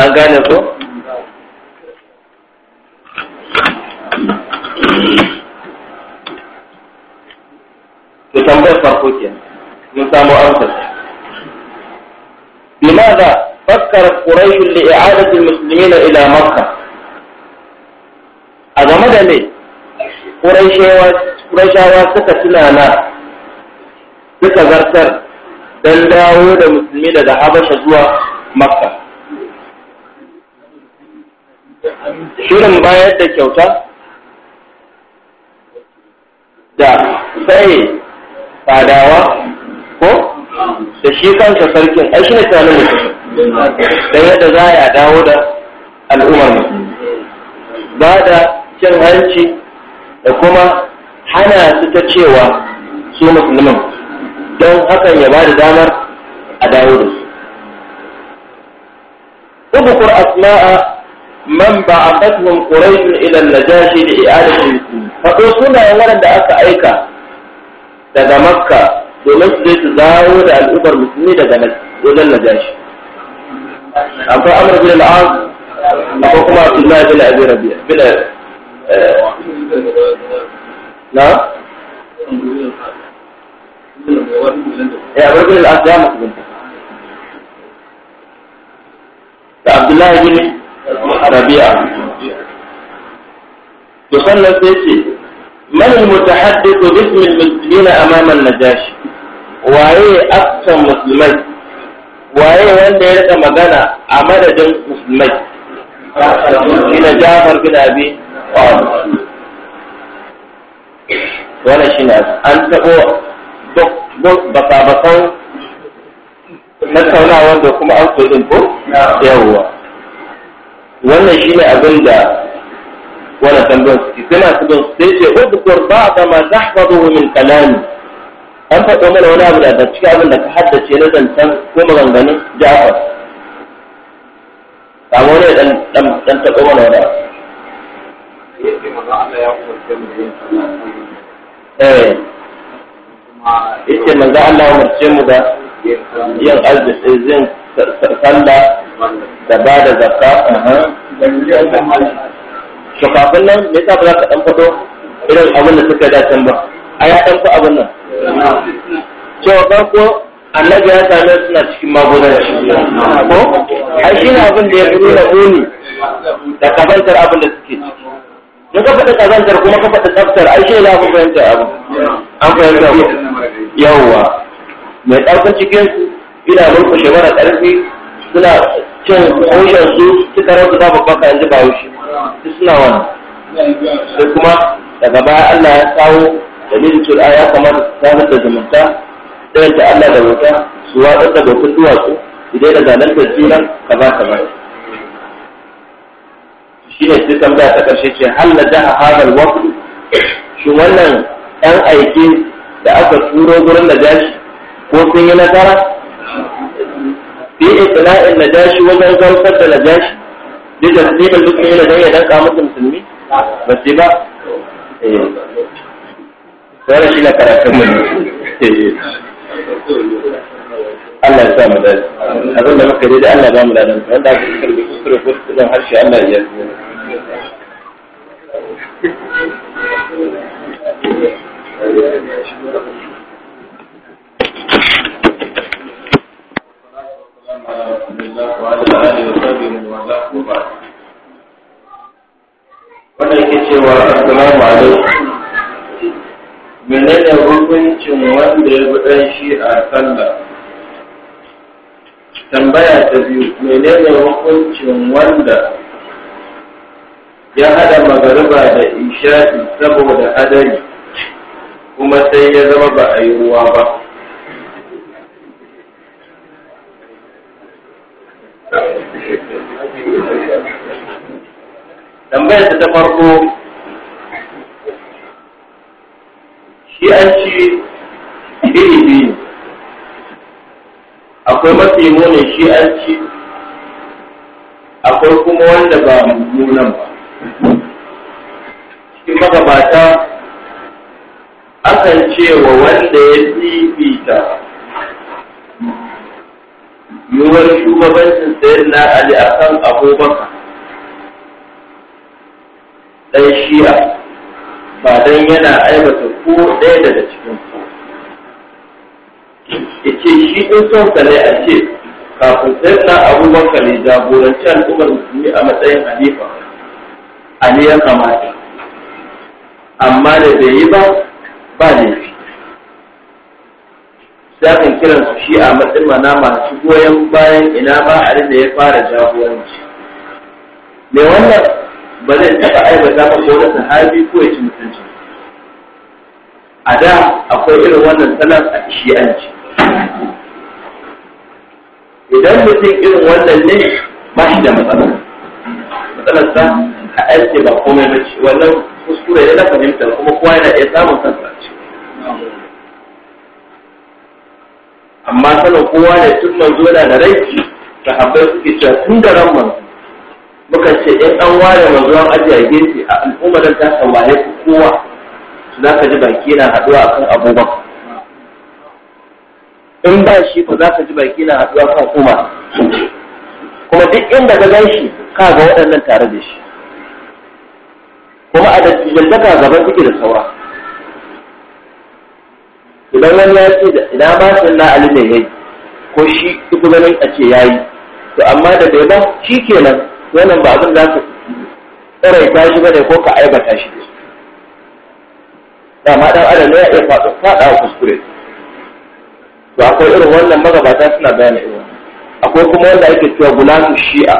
Speaker 1: an gane so. to tambayar farko ke mun samu amsar bimaza fakkar quraish li i'adati almuslimina ila makka a game da me quraishawa suka tunana suka zartar dan dawo da musulmi daga habasha zuwa makka shirin bayar da kyauta da sai fadawa ko da shi kansa sarkin ai shi ne tunanin mutum da yadda za a dawo da al'ummar mu ba da cin hanci da kuma hana su ta cewa su musulman don hakan ya ba da damar a dawo da su man ba أسماء من بعثتهم قريش da da لإعادة المسلمين suna سنة waɗanda aka aika. daga makka domin su je su dawo da al'ummar musulmi daga wajen jashi.
Speaker 2: akwai amur bin al'az
Speaker 1: akwai kuma abdullahi bin abi rabi'a bin eh, na eh, ya bin al'az ya da abdullahi bin rabi'a to sai ce man almutahaddithu bismi almuslimina amama an-najashi waye aksan musulmai waye wanda ya rika magana a madadin musulmai na Jafar bin Abi wannan shine an tabo Na tattaunawa wanda kuma an ko yawwa wannan shine abin da ولا تنبسكي سمع تنبسكي اذكر بعض ما تحفظه من كلامي أنت تقول ولا أبدا تشكي أبدا تحدث شيئا لذا نسان كما غنغني جعفر تعملي لن لم تنت أمنا ولا أبدا إيه من ذا
Speaker 2: الله يأخذ كم
Speaker 1: دين زكاة to kafin nan me sa ba za ka dan fado irin abin da suka da can ba a ya dan fi abin nan cewa farko annabi ya same suna cikin magudan shi ko ai shi ne abin da ya fi nuna muni da kazantar abin da suke ciki in ka faɗi kazantar kuma ka faɗi tsaftar ai shi ne abin fahimtar abin an fahimta ko yawwa mai ɗaukar cikin su ina mulku shekara ƙarfi suna cin haushen su suka rasu babu baka yanzu ba haushe islawan sai kuma daga baya Allah ya kawo dalilin cewa ya kamata su samar da zumunta ɗayan ta Allah da wuta su watsar da bakin duwatsu idan da da juna ka ba ka ba shi ne sai tambaya ta ƙarshe ce hal na a hadal wakil shi wannan ɗan aiki da aka turo gurin da jashi ko sun yi nasara bi itla'in najashi wajen zartar da na najashi duk da nasibin duk da ya danka musu musulmi ba ba eh sai shi na
Speaker 2: Allah ya sa mu dace da muka yi da Allah ba mu wanda karbi kusur harshe Allah ya yi على رسول
Speaker 1: cewa assalamu alaikum menene hukuncin wanda ya bi shi a sallah tambaya ta biyu menene hukuncin wanda ya hada magariba da isha'i saboda hadari kuma sai ya zama ba a yi ruwa ba tambayar ta farko shi an ci iri biyu akwai mafi munin shi an ci akwai kuma wanda ba nuna ba shi magabata akan cewa wanda ya fifita yiwuwar shugabancin sayar na ali akan abubakar ɗan shi'a ba don yana aibata ko ɗaya daga cikin ku ya ce shi ɗin son ne a ce kafin sai na abubakar ya jagoranci al'ummar musulmi a matsayin halifa ali ya kamata amma da bai yi ba ba laifi zafin kiran su shi a matsayin mana masu goyon bayan ina ba a da ya fara jagoranci Me wannan ba zai taɓa aibata ba ko wani sahabi ko ya ci mutunci a da akwai irin wannan salat a shi'anci idan mutum irin wannan ne ba shi da matsala matsalarsa a aiki ba komai ba ce wannan kuskure ne na fahimta kuma kowa yana iya samun kansa amma sanin kowa ne tun manzo yana da rai sahabbai suke cewa tun da ran manzo muka ce in an ware manzon ajiye a gefe a al'ummar da ta saurare su kowa za ka ji baki na haɗuwa akan abubakar in ba shi ko za ka ji baki na haɗuwa kan kuma kuma duk inda ka gan shi ka ga waɗannan tare da shi kuma a ka gaban suke da saura idan wani ya ce da ina ba su na ali ne ko shi duk ganin a ce ya yi, to amma da bai ba shi kenan wannan ba abin za ka tsaraita shi ba ne ko ka aibata shi
Speaker 3: dama dan adam ya iya
Speaker 1: faɗawa faɗa kuskure to akwai irin wannan magabata suna bayani irin akwai kuma wanda ake cewa gulatu shi'a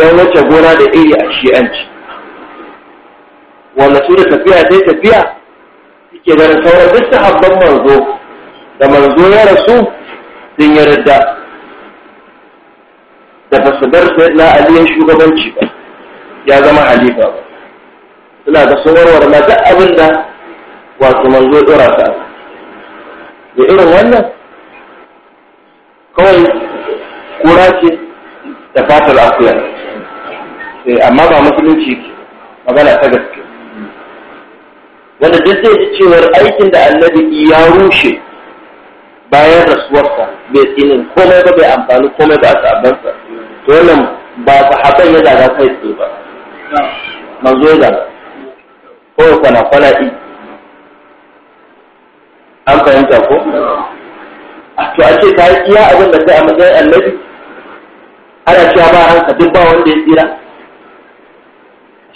Speaker 1: yan wacce gona da iri a shi'anci wanda su da tafiya sai tafiya suke ganin sauran duk sahabban manzo da manzo ya rasu sun yarda da ba su bar sayyidina ali shugabanci ba ya zama halifa ba suna da sun warware ma duk abin da wato manzo dora ta irin wannan kawai kura ce da fatar akuya eh, amma ba musulunci magana ta gaske wanda duk zai ji cewar aikin da annabi ya rushe bayan rasuwarsa bai tsinin komai ba bai amfani komai ba a sabansa to wannan ba sahaban ya zaga kai su ba manzo ya zaga an fahimta ko a to a ce ta yi iya abin da a matsayin annabi ana cewa ba ranka duk ba wanda ya tsira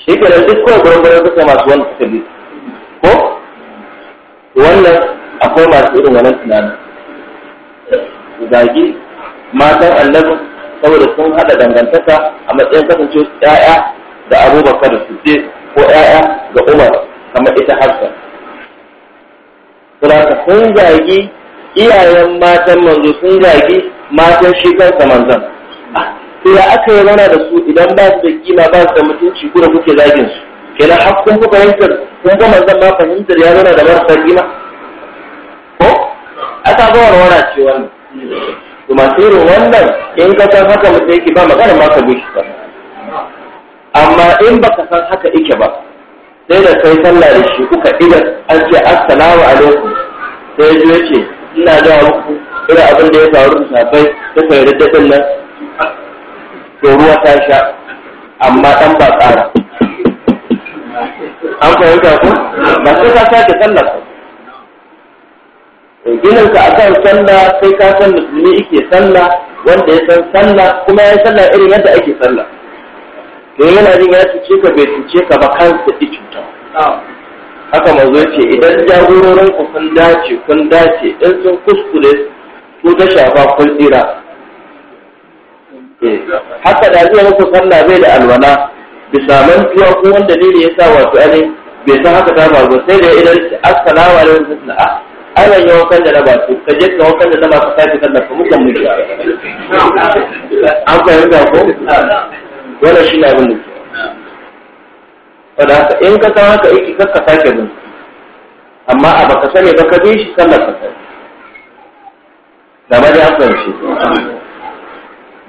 Speaker 1: Shekarar duk masu wani ko wannan akwai masu irin wannan tunanin zagi matan saboda sun hada dangantaka a matsayin kasance 'ya'ya da abubakar da suke ko 'ya'ya ga umar kamar ita hafsa saboda sun zagi iyayen matan manzo sun zagi matan shi kansa manzan. to ya aka yi mana da su idan ba su da kima ba su da mutunci kuma kuke zagin su kenan har kun ku fahimtar kun ga manzan ma fahimtar ya nuna da marasa kima ko aka ga warwara ce wannan to masu irin wannan in ka san haka mutum yake ba magana ma ka bi shi ba amma in baka san haka yake ba sai da kai sallah da shi kuka idan an ce assalamu alaikum sai ya ya ce ina da muku irin abin da ya faru da sabai ta kai daɗin nan to ruwa ta sha amma ɗan ba tsara
Speaker 2: an fahimta ku ba sai ka sake
Speaker 1: sallah ginanka a kan sallah sai ka san musulmi yake sallah wanda ya san sallah kuma ya sallah irin yadda ake sallah to yana jin ya cuce ka bai cuce ka ba kansa ɗi cuta haka manzo ce idan jagororin ku kun dace kun dace in sun kuskure ko da shafa kun tsira eh, haka da zai muku sallah bai da alwala bisa mantuwa ko wanda ne ya sa wato ne bai san haka ta ba sai da idan assalamu alaikum a ah, ai ban yi wankan da na ba su ka je ka wankan da na ba ka sake sallar ka mukan mutu an fahimta ko wala shi na abin da wadda in ka san haka iki ka ka sake bin amma a baka sani ba ka bi shi sallar ka sani ma ya an shi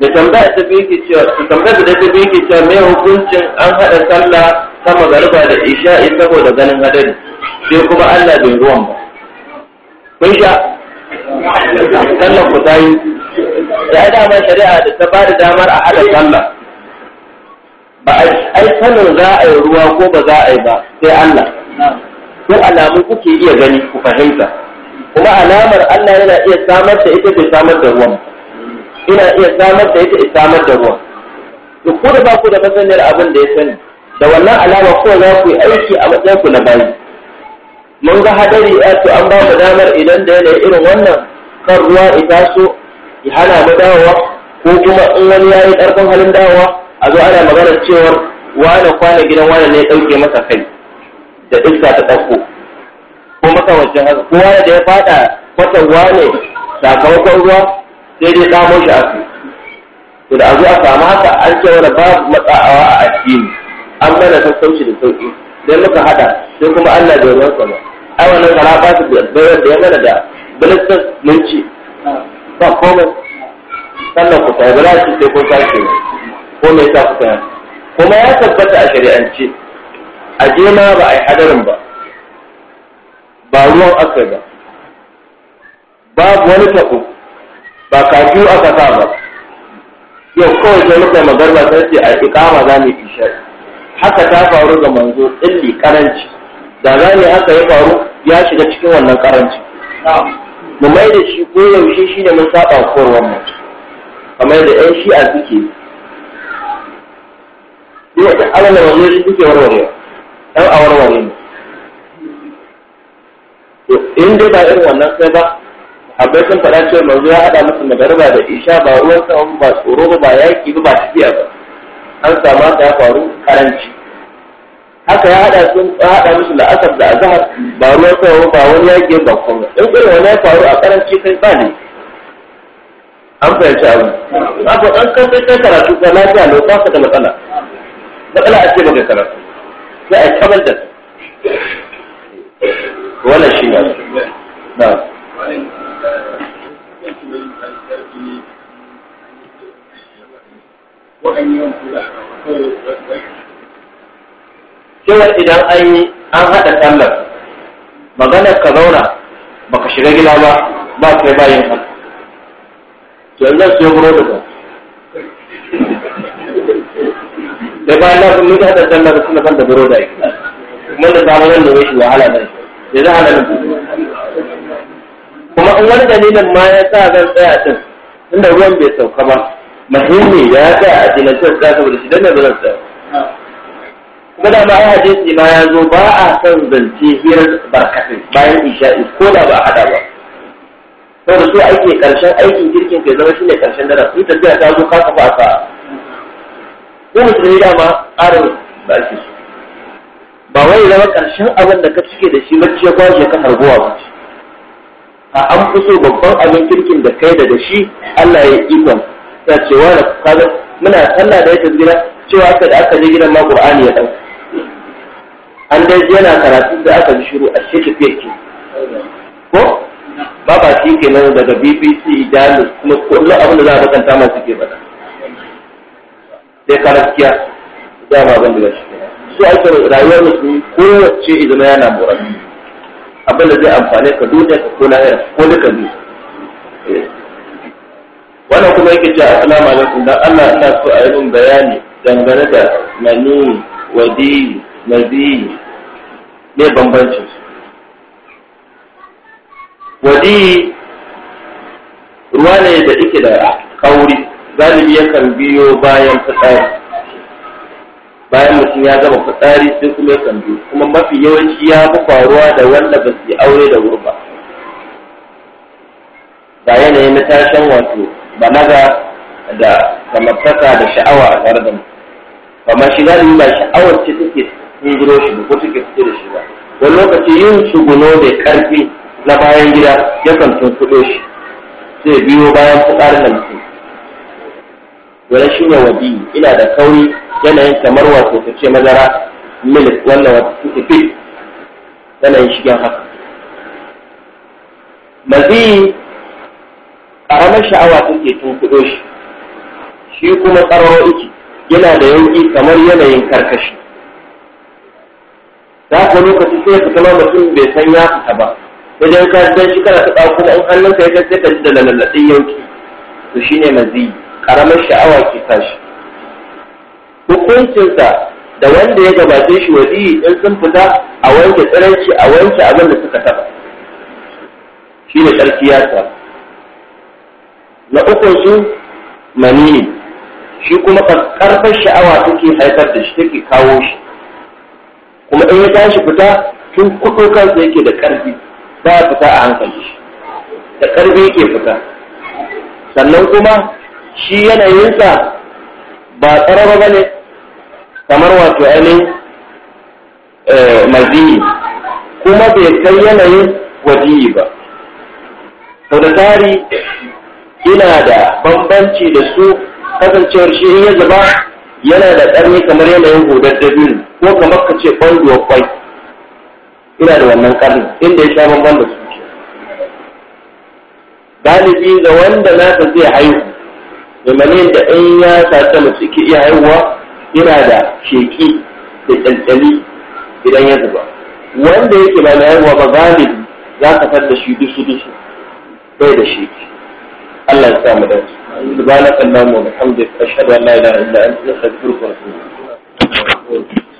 Speaker 1: da tambaya ta biyu ke cewa da tambaya da ta biyu ke cewa mai hukuncin an haɗa sallah sama Garba da isha'i saboda ganin hadari sai kuma Allah bai ruwan ba Mai sha sallan ku tayi da ya damar shari'a da ta bada damar a hada sallah ba ai sanin za a yi ruwa ko ba za a yi ba sai Allah ko alamu kuke iya gani ku fahimta kuma alamar Allah yana iya samar da ita bai samar da ruwan ina iya samar da ita samar da ruwan to ko da ba ku da masaniyar abin da ya sani da wannan alama ko za ku yi aiki a matsayin ku na bayi mun ga hadari a eh, to an ba mu damar idan da yanayi irin wannan kan ruwa ita so ya hana mu dawowa ko kuma in wani ya yi karfin halin dawowa a zo ana maganar cewar wane kwana gidan wane ne ya ɗauke masa kai da iska ta ɗauko ko makamancin haka ko wane da ya faɗa kwatan wane sakamakon ruwa sai dai samun shi a su, to da a zo a samu haka an ce wani babu matsawa a addini an mana sassauci da sauƙi, don muka haɗa sai kuma Allah da ruwan sama ai wannan kara ba su bayar da ya mana da bilistan mun ci ba komai
Speaker 2: sannan ku tayi ba za sai ko sake
Speaker 1: ko me yasa kuka yi kuma ya tabbata a shari'ance a jema ba a yi hadarin ba ba ruwan aka ba babu wani tako ba kaji aka sa ba yau kawai sai muka magarba sai ce a ikama za mu yi haka ta faru ga manzo tsilli karanci da za ne haka ya faru ya shiga cikin wannan karanci mu mai da shi ko yaushe shi ne mun saba korwar mu kamar da yan a suke yi wata alama wanzu shi suke warware ɗan a warware ne in dai ba irin wannan sai ba abai sun faɗa cewa manzo ya haɗa musu garba da isha ba ruwan sa ba tsoro ba ba yaƙi ba ba tafiya ba an samu ta faru karanci haka ya hada su ya hada musu la'asar da azhar ba ruwan sawa ba wani yaƙi ba kuma in irin wani ya faru a karanci kai ba ne an fahimci abu ba ko dan kan kai kai karatu ko lafiya ne ba ka da matsala matsala a ce maka karatu sai a kamar da wannan shi
Speaker 2: ne na waɗannan kula
Speaker 1: cewa idan an yi an haɗa sallar magana ka zauna baka shiga gida ba ba kai bayin haka. to yanzu zan siyo burodi ba da bayan na sun nuka haɗa sallar suna kan da burodi ake kuma da samun nan da wai shi wahala ne ya zai hana nan kuma in wani dalilin ma ya sa zan tsaya din inda ruwan bai sauka ba muhimmi ya tsaya a dinantar ta saboda shi dan da zan tsaya kuma da ma hadisi ma ya zo ba a san zance hirar barkatai bayan isha'i ko da ba a hada ba sau da su ake karshen aikin girkin kai zama shine karshen dara, su tafiya ta zo kasa fa sa ko musulmi dama ƙarin ba shi su ba wai zama karshen abin da ka cike da shi bacci ya kwashe ka harbuwa ba a an fi so babban abin kirkin da kai da da shi Allah ya ikon ta cewa da kaga muna sallah da ya tafi gida cewa aka da aka je gidan ma Qur'ani ya ɗauka an dai yana karatu da aka shiru a shi tafiya ke ko ba ba shi ke nan daga bbc jamus kuma kullum abin da za a bakanta ma suke bada sai karaskiya za ma ban daga shi su aikin rayuwar musulmi kowace izina yana morar abin da zai amfani ka duniya ka ko lahira ko duka biyu wannan kuma yake cewa assalamu alaikum dan Allah ina so a yi bayani dangane da manini wadini maziyi ne bambancin su wadi ruwa ne da ike da kauri galibi yakan biyo bayan fitsari bayan mutum ya gama fitsari sai kuma yakan biyo kuma mafi yawanci ya fi faruwa da wanda ba su aure da wuri ba ga yanayin na tashin wato balaga da samartaka da sha'awa a tare da mu kamar shi galibi ba sha'awar ce take sun giro shi ko suke fito da shi ba wani lokaci yin tsuguno da karfi na bayan gida kan tun kudo shi sai biyo bayan fitsarin da mutum wani shi ne wadi ina da kauri yanayin kamar wato ta ce madara milik wannan wata suke fit yanayin shigen haka mazi ƙaramar sha'awa take tun kudo shi shi kuma tsaro iki yana da yanki kamar yanayin karkashi za ka lokaci sai ka kama mutum bai san ya fita ba sai dai ka dan shi kana dauko kuma in hannun ka ya sai ka ji da lalladin yanki to shine mazi karamar sha'awa ke tashi hukuncinsa da wanda ya gabace shi wadi in sun fita a wanke tsiranci a wanke abin da suka taɓa shi ne sarki ya sa na uku su manini shi kuma karfar sha'awa take haifar da shi take kawo shi kuma in ya tashi fita tun kuɗo kansa yake da ƙarfi ba ya fita a hankali da ƙarfi yake fita sannan kuma shi yanayinsa ba tsaraba ba ne kamar wato ainihin eh, Mazini kuma bai kai yanayin wajiyi ba sau da tari ina da bambanci da su kasancewar shi in ya zaba yana da ƙarni kamar yanayin hudar biyu ko kamar ka ce ɓanduwar kwai ina da wannan ƙarni inda ya sha bamban da su galibi ga wanda ta zai haihu imanin da in ya sace mu suke iya haihuwa yana da sheki da tsantsani idan ya zuba wanda yake ba na haihuwa ba galibi za ka fadda shi dusu dusu bai da sheki. الله يسامحك ذلك اللهم وبحمدك اشهد ان لا اله الا انت نستغفرك ونتوب
Speaker 2: اليك